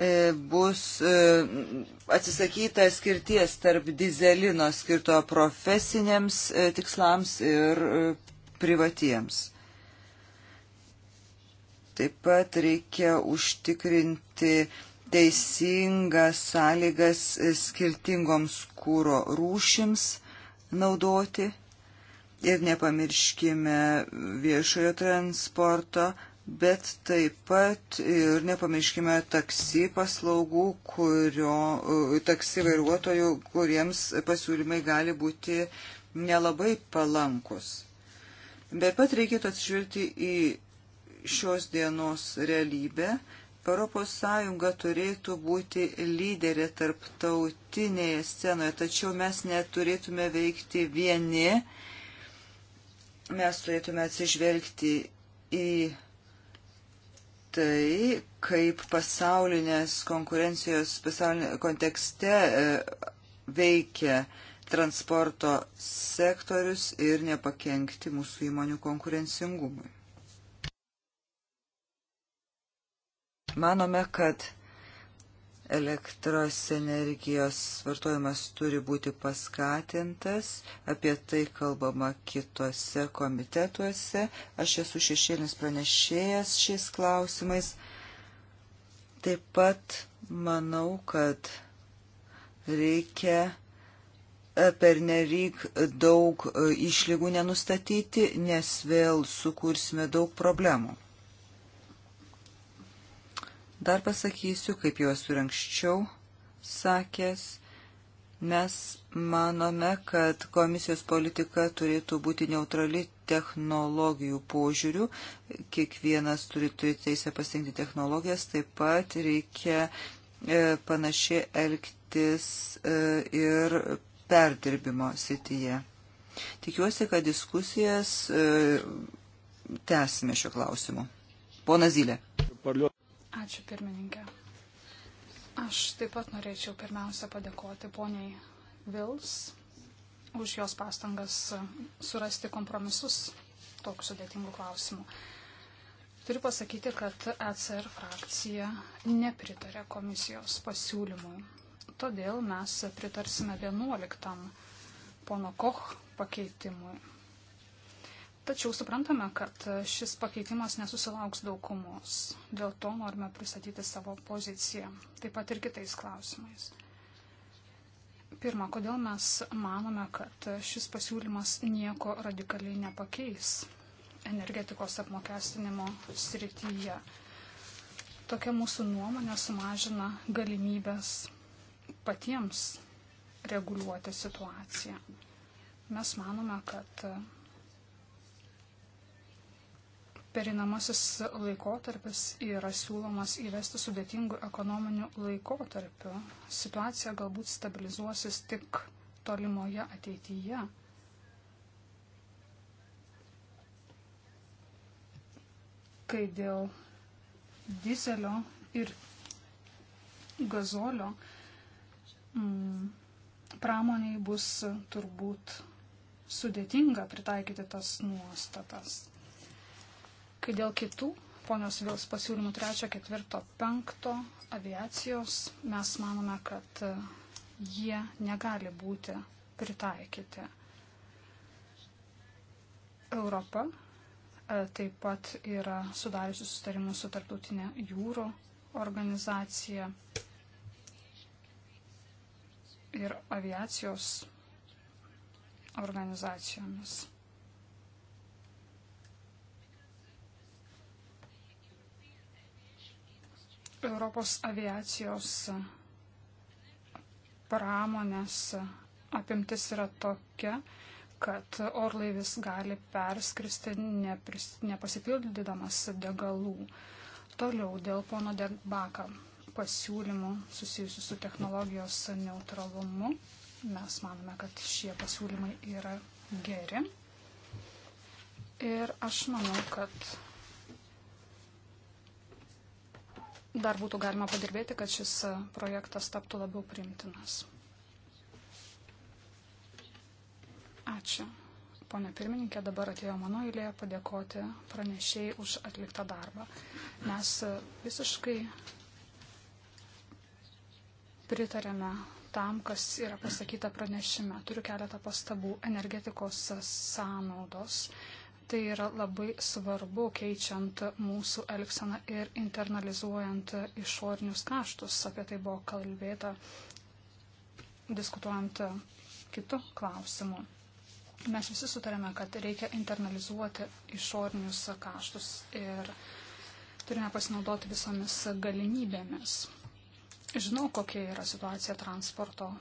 E, bus e, atsisakyta skirties tarp dizelino skirto profesiniams e, tikslams ir privatiems. Taip pat reikia užtikrinti teisingas sąlygas skirtingoms kūro rūšims naudoti ir nepamirškime viešojo transporto bet taip pat ir nepamirškime taksi paslaugų, kurio, e, taksi vairuotojų, kuriems pasiūlymai gali būti nelabai palankus. Bet pat reikėtų atsižvelgti į šios dienos realybę. Europos Sąjunga turėtų būti lyderė tarptautinėje scenoje, tačiau mes neturėtume veikti vieni, mes turėtume atsižvelgti į tai, kaip pasaulinės konkurencijos pasaulinė, kontekste e, veikia transporto sektorius ir nepakenkti mūsų įmonių konkurencingumui. Manome, kad elektros energijos vartojimas turi būti paskatintas, apie tai kalbama kitose komitetuose. Aš esu šešėlis pranešėjas šiais klausimais. Taip pat manau, kad reikia e, pernelyg daug e, išlygų nenustatyti, nes vėl sukursime daug problemų. Dar pasakysiu, kaip juos ir anksčiau sakęs, mes manome, kad komisijos politika turėtų būti neutrali technologijų požiūrių. Kiekvienas turi turėti teisę pasirinkti technologijas, taip pat reikia e, panašiai elgtis e, ir perdirbimo sityje. Tikiuosi, kad diskusijas e, tęsime šiuo klausimu. Pona Zylė. Ačiū pirmininkė. Aš taip pat norėčiau pirmiausia padėkoti poniai Vils už jos pastangas surasti kompromisus tokiu sudėtingu klausimu. Turiu pasakyti, kad ECR frakcija nepritarė komisijos pasiūlymui. Todėl mes pritarsime 11 pono Koch pakeitimui. Tačiau suprantame, kad šis pakeitimas nesusilauks daugumos. Dėl to norime pristatyti savo poziciją, taip pat ir kitais klausimais. Pirma, kodėl mes manome, kad šis pasiūlymas nieko radikaliai nepakeis energetikos apmokestinimo srityje. Tokia mūsų nuomonė sumažina galimybės patiems reguliuoti situaciją. Mes manome, kad perinamasis laikotarpis yra siūlomas įvesti sudėtingų ekonominių laikotarpių. Situacija galbūt stabilizuosis tik tolimoje ateityje. Kai dėl dizelio ir gazolio mm, pramoniai bus turbūt sudėtinga pritaikyti tas nuostatas. Kai dėl kitų ponios Vils pasiūlymų 3, 4, 5 aviacijos, mes manome, kad e, jie negali būti pritaikyti. Europa e, taip pat yra sudariusi sustarimus su tarptautinė jūro organizacija ir aviacijos organizacijomis. Europos aviacijos pramonės apimtis yra tokia, kad orlaivis gali perskristi nepris, nepasipildydamas degalų. Toliau dėl pono Degbaka pasiūlymų susijusių su technologijos neutralumu. Mes manome, kad šie pasiūlymai yra geri. Ir aš manau, kad dar būtų galima padirbėti, kad šis e, projektas taptų labiau priimtinas. Ačiū. Pone pirmininkė, dabar atėjo mano eilė padėkoti pranešėjai už atliktą darbą. Mes e, visiškai pritarėme tam, kas yra pasakyta pranešime. Turiu keletą pastabų. Energetikos sąnaudos Tai yra labai svarbu keičiant mūsų elgseną ir internalizuojant išorinius kaštus. Apie tai buvo kalbėta diskutuojant kitų klausimų. Mes visi sutarėme, kad reikia internalizuoti išorinius kaštus ir turime pasinaudoti visomis galimybėmis. Žinau, kokia yra situacija transporto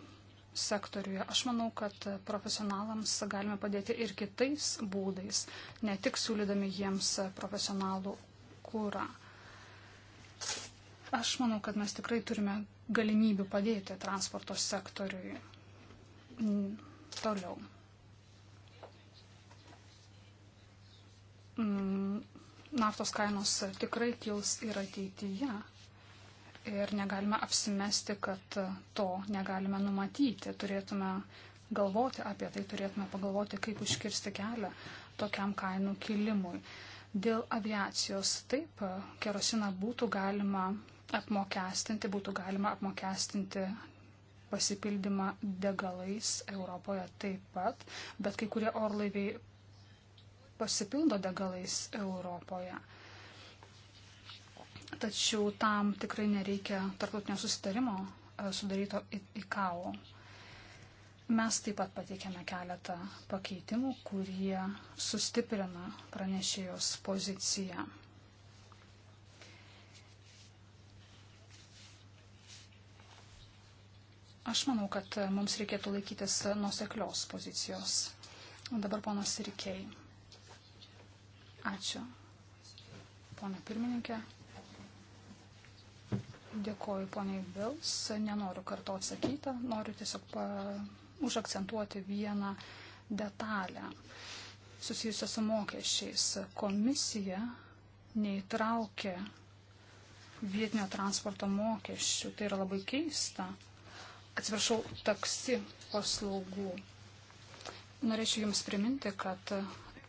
sektoriuje. Aš manau, kad profesionalams galime padėti ir kitais būdais, ne tik siūlydami jiems profesionalų kūrą. Aš manau, kad mes tikrai turime galimybių padėti transporto sektoriui mm, toliau. Mm, naftos kainos tikrai kils ir ateityje. Ja ir negalime apsimesti, kad to negalime numatyti. Turėtume galvoti apie tai, turėtume pagalvoti, kaip užkirsti kelią tokiam kainų kilimui. Dėl aviacijos taip, kerosiną būtų galima apmokestinti, būtų galima apmokestinti pasipildymą degalais Europoje taip pat, bet kai kurie orlaiviai pasipildo degalais Europoje. Uh, Tačiau tam tikrai nereikia tarptautinio susitarimo e, sudaryto ICAO. Mes taip pat pateikėme keletą pakeitimų, kurie sustiprina pranešėjos poziciją. Aš manau, kad mums reikėtų laikytis nuseklios pozicijos. O dabar ponas Rikėjai. Ačiū, ponė pirmininkė. Dėkoju poniai Vils, nenoriu kartu atsakyti, noriu tiesiog pa, užakcentuoti vieną detalę susijusią su mokesčiais. Komisija neįtraukė vietinio transporto mokesčių, tai yra labai keista. Atsiprašau, taksi paslaugų. Norėčiau Jums priminti, kad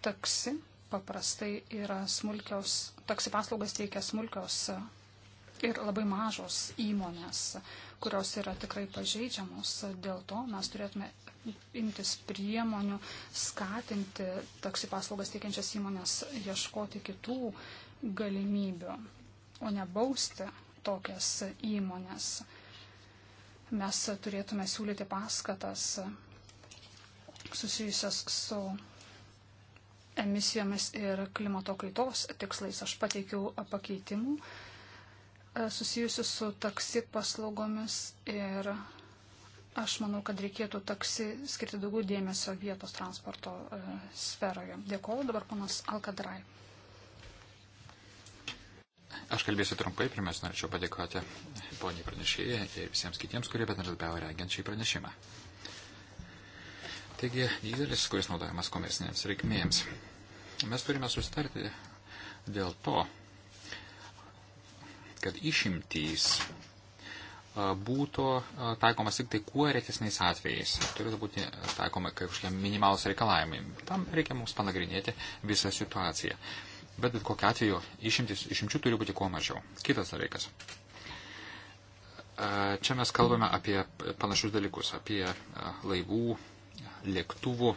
taksi paprastai yra smulkios, taksi paslaugas teikia smulkios ir labai mažos įmonės, kurios yra tikrai pažeidžiamos. Dėl to mes turėtume imtis priemonių, skatinti taksi paslaugas teikiančias įmonės ieškoti kitų galimybių, o ne bausti tokias įmonės. Mes turėtume siūlyti paskatas susijusias su emisijomis ir klimato kaitos tikslais. Aš pateikiau pakeitimų susijusių su taksi paslaugomis ir aš manau, kad reikėtų taksi skirti daugiau dėmesio vietos transporto e, sferoje. Dėkuoju dabar panas Alkadrai. Aš kalbėsiu trumpai, pirmiausia, norėčiau padėkoti poniai pranešėjai ir visiems kitiems, kurie bendradarbiavo rengiant šį pranešimą. Taigi, dizelis, kuris naudojamas komersinėms reikmėms. Mes turime susitarti dėl to, kad išimtys būtų taikomas tik tai kuo retesniais atvejais. Turėtų būti taikoma kažkokie minimalus reikalavimai. Tam reikia mums panagrinėti visą situaciją. Bet bet kokiu atveju išimtis, išimčių turi būti kuo mažiau. Kitas dalykas. Čia mes kalbame apie panašius dalykus, apie laivų, lėktuvų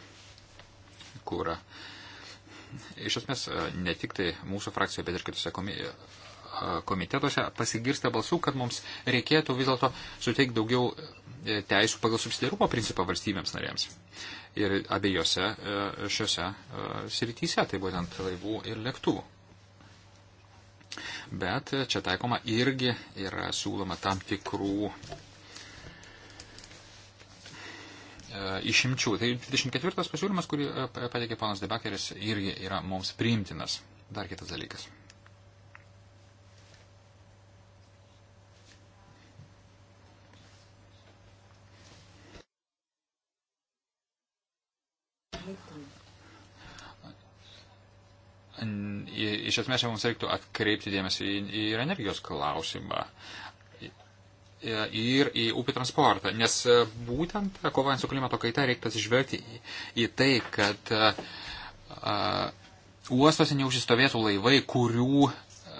kūrą. Iš esmės, ne tik tai mūsų frakcijoje, bet ir kitose komitetuose pasigirsta balsų, kad mums reikėtų vis dėlto suteikti daugiau e, teisų pagal subsidiarumo principą valstybėms narėms. Ir abiejose e, šiose e, srityse, tai būtent laivų ir lėktuvų. Bet čia taikoma irgi yra siūloma tam tikrų išimčių. Tai 24 pasiūlymas, kurį pateikė panas Debakeris, irgi yra mums priimtinas. Dar kitas dalykas. iš esmės mums reiktų atkreipti dėmesį į, į energijos klausimą ir į upių transportą, nes e, būtent e, kovojant su klimato kaita reiktų atsižvelgti į, į tai, kad e, a, uostose neužsistovėtų laivai, kurių,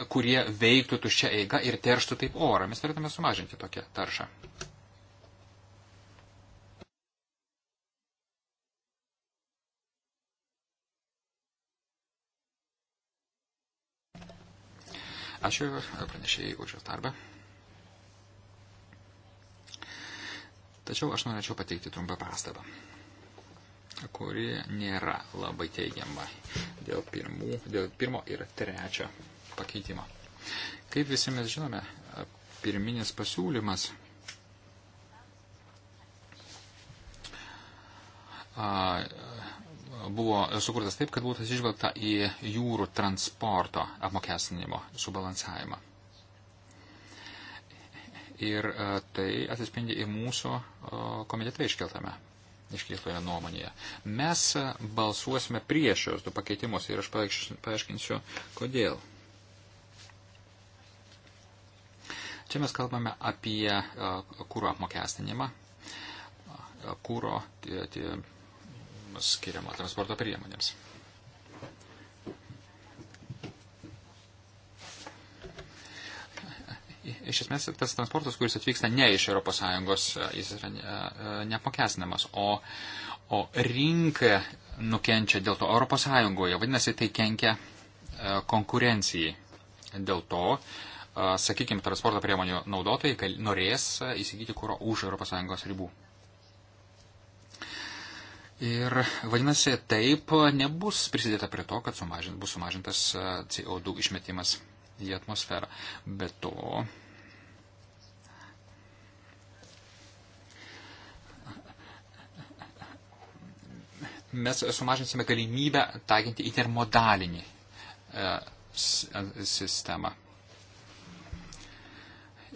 kurie veiktų tuščia eiga ir terštų taip orą. Mes turėtume sumažinti tokią taršą. Ačiū pranešėjai už jos darbą. Tačiau aš norėčiau pateikti trumpą pastabą, kuri nėra labai teigiama dėl, pirmų, dėl pirmo ir trečio pakeitimo. Kaip visi mes žinome, pirminis pasiūlymas a, buvo sukurtas taip, kad būtų atsižvelgta į jūrų transporto apmokestinimo subalansavimą. Ir e, tai atsispindi ir mūsų e, komitete iškeltame iškeltoje nuomonėje. Mes e, balsuosime prieš šios du pakeitimus ir aš paaiškinsiu, kodėl. Čia mes kalbame apie kūro apmokestinimą, kūro skiriama transporto priemonėms. Iš esmės, tas transportas, kuris atvyksta ne iš ES, jis yra neapmokestinamas, o, o rinka nukenčia dėl to ES, vadinasi, tai kenkia e, konkurencijai. Dėl to, e, sakykime, transporto priemonių naudotojai norės e, įsigyti kūro už ES ribų. Ir vadinasi, taip nebus prisidėta prie to, kad sumažint, bus sumažintas e, CO2 išmetimas į atmosferą. Be to, mes sumažinsime galimybę taikinti intermodalinį e, e, sistemą.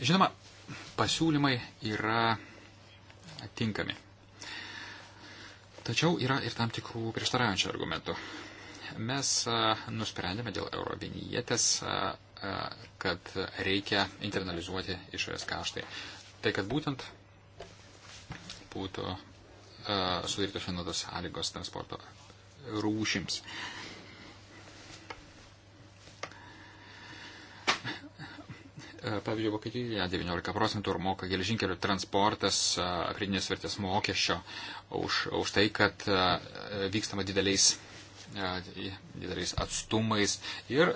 Žinoma, pasiūlymai yra tinkami. Tačiau yra ir tam tikrų prieštaraujančių argumentų. Mes nusprendėme dėl eurovinietės, kad reikia internalizuoti išorės kaštai. Tai kad būtent būtų sudarytos vienodos sąlygos transporto rūšims. Uh, E, pavyzdžiui, Vokietijoje 19 procentų ir moka geležinkelių transportas e, pridinės vertės mokesčio už, už tai, kad e, vykstama dideliais dideliais atstumais ir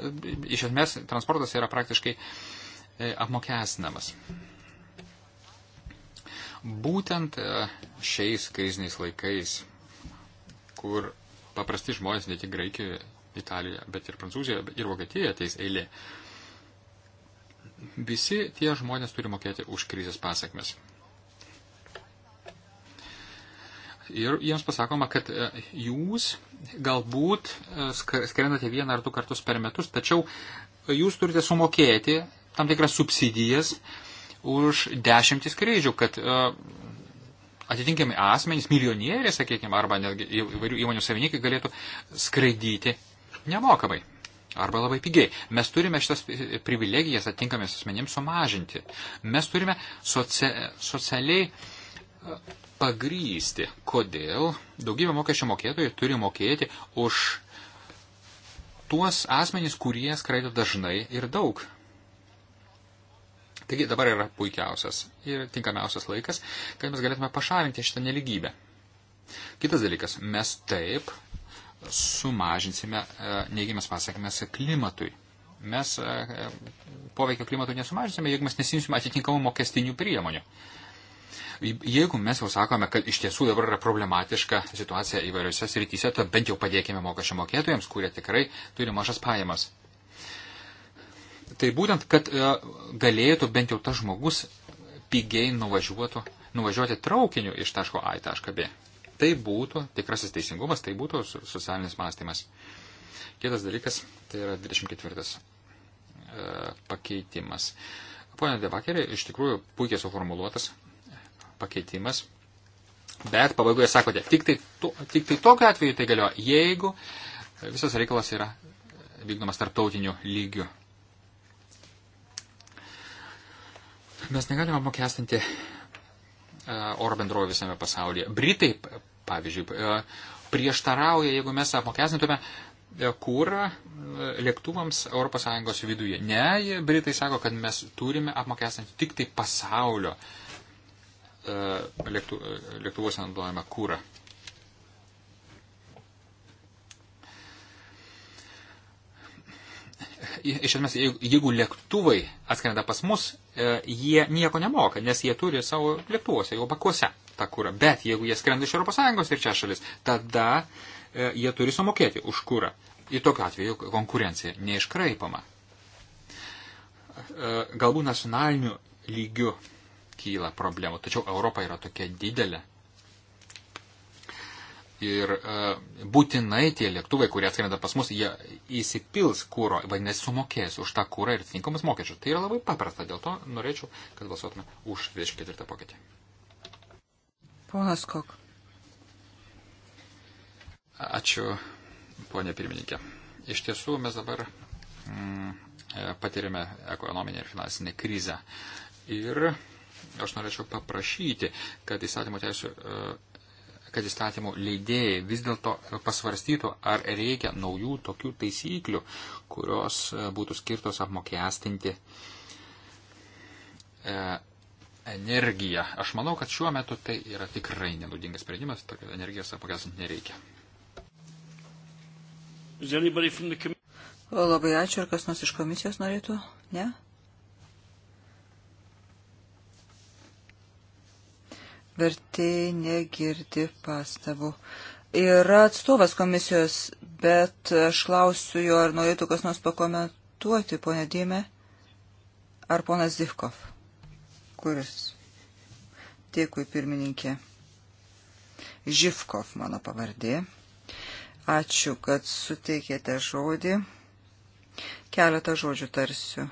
iš esmės transportas yra praktiškai apmokestinamas. Būtent šiais kriziniais laikais, kur paprasti žmonės ne tik Graikijoje, Italijoje, bet ir Prancūzijoje, bet ir Vokietijoje ateis eilė, uh, visi tie žmonės turi mokėti už krizės pasakmes. Ir jiems pasakoma, kad e, jūs galbūt e, skrendate vieną ar du kartus per metus, tačiau jūs turite sumokėti tam tikras subsidijas už dešimtis skrydžių, kad e, atitinkami asmenys, milijonieriai, sakykime, arba netgi įvairių įmonių savininkai galėtų skraidyti nemokamai arba labai pigiai. Mes turime šitas e, privilegijas atinkamės asmenims sumažinti. Mes turime socia socialiai e, pagrysti, kodėl daugybė mokesčio mokėtojų turi mokėti už tuos asmenys, kurie skraido dažnai ir daug. Taigi dabar yra puikiausias ir tinkamiausias laikas, kad mes galėtume pašalinti šitą neligybę. Kitas dalykas, mes taip sumažinsime e, neigiamas pasiekmes klimatui. Mes e, e, poveikio klimatui nesumažinsime, jeigu mes nesimsime atitinkamų mokestinių priemonių. Jeigu mes jau sakome, kad iš tiesų dabar yra problematiška situacija įvairiose srityse, tai bent jau padėkime mokesčio mokėtojams, kurie tikrai turi mažas pajamas. Tai būtent, kad galėtų bent jau tas žmogus pigiai nuvažiuotų, nuvažiuoti traukiniu iš taško A į tašką B. Tai būtų tikrasis teisingumas, tai būtų socialinis mąstymas. Kitas dalykas, tai yra 24 e, pakeitimas. Pone Debakerė, iš tikrųjų puikiai suformuluotas pakeitimas, bet pabaigoje sakote, tik tai, to, tik tai tokiu atveju tai galioja, jeigu visas reikalas yra vykdomas tarptautiniu lygiu. Mes negalime apmokestinti E, oro bendrovė visame pasaulyje. Britai, pavyzdžiui, e, prieštarauja, jeigu mes apmokestintume e, kūrą lėktuvams ES viduje. Ne, Britai sako, kad mes turime apmokestinti tik tai pasaulio lėktuvuose naudojamą kūrą. iš esmės, jeigu lėktuvai atskrenda pas mus, e, jie nieko nemoka, nes jie turi savo lėktuvuose, jau pakuose tą kūrą. Bet jeigu jie skrenda iš ES ir čia šalis, tada e, jie turi sumokėti už kūrą. Į tokiu atveju konkurencija neiškraipama. E, galbūt nacionaliniu lygiu kyla problemų, tačiau Europa yra tokia didelė, Ir e, būtinai tie lėktuvai, kurie atskrenda pas mus, jie įsipils kūro, vadinasi, sumokės už tą kūrą ir tinkamus mokesčius. Tai yra labai paprasta, dėl to norėčiau, kad balsuotume už 24 pokytį. Ponas Kok. Ačiū, ponė pirmininkė. Iš tiesų, mes dabar mm, e, patirime ekonominę ir finansinę krizę. Ir aš norėčiau paprašyti, kad įstatymo teisų. Uh, kad įstatymų leidėjai vis dėlto pasvarstytų, ar reikia naujų tokių taisyklių, kurios e, būtų skirtos apmokestinti e, energiją. Aš manau, kad šiuo metu tai yra tikrai nenudingas sprendimas, tokio energijos apmokestinti nereikia. Labai ačiū, ar kas nors iš komisijos norėtų? Ne? vertėjai negirdi pastabų. Yra atstovas komisijos, bet aš klausiu jo, ar norėtų kas nors pakomentuoti, ponė Dėmė, ar ponas Zivkov. Kuris? Dėkui, pirmininkė. Živkov mano pavardė. Ačiū, kad suteikėte žodį. Keletą žodžių tarsiu.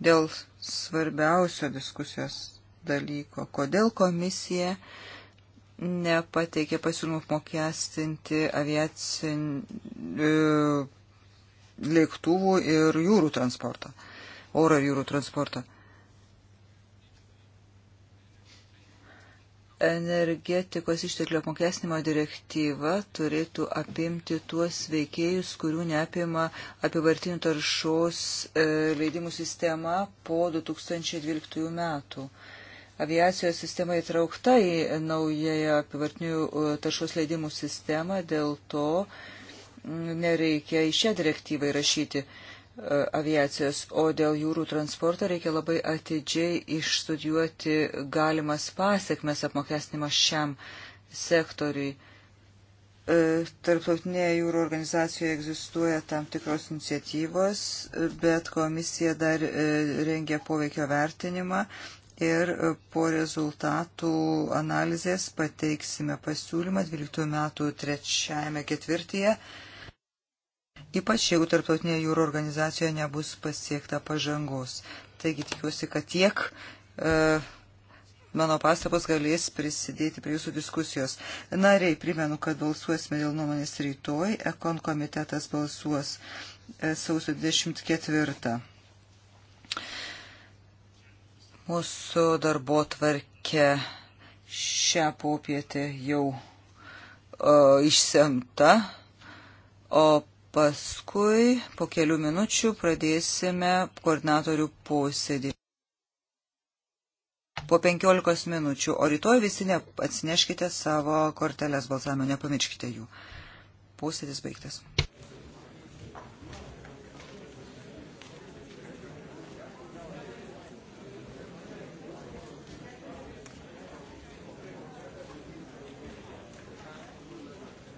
Dėl svarbiausio diskusijos dalyko. Kodėl komisija nepateikė pasiūlymų apmokestinti aviacinį e, lėktuvų ir jūrų transportą, oro ir jūrų transportą? energetikos išteklių apmokestinimo direktyva turėtų apimti tuos veikėjus, kurių neapima apivartinių taršos e, leidimų sistema po 2012 metų aviacijos sistema įtraukta į naująją apivartinių e, taršos leidimų sistemą, dėl to mm, nereikia į šią direktyvą įrašyti e, aviacijos, o dėl jūrų transporto reikia labai atidžiai išstudijuoti galimas pasiekmes apmokestinimo šiam sektoriui. E, tarptautinėje jūrų organizacijoje egzistuoja tam tikros iniciatyvos, bet komisija dar rengia poveikio vertinimą ir e, po rezultatų analizės pateiksime pasiūlymą 12 metų trečiajame ketvirtyje, ypač jeigu tarptautinėje jūro organizacijoje nebus pasiekta pažangos. Taigi tikiuosi, kad tiek e, mano pastabos galės prisidėti prie jūsų diskusijos. Nariai, primenu, kad balsuosime dėl nuomonės rytoj, ekon komitetas balsuos e, sausio 24. Mūsų darbo tvarkė šią popietę jau o, išsemta, o paskui po kelių minučių pradėsime koordinatorių posėdį. Po 15 minučių, o rytoj visi ne, atsineškite savo korteles balsavimo, nepamirškite jų. Posėdis baigtas.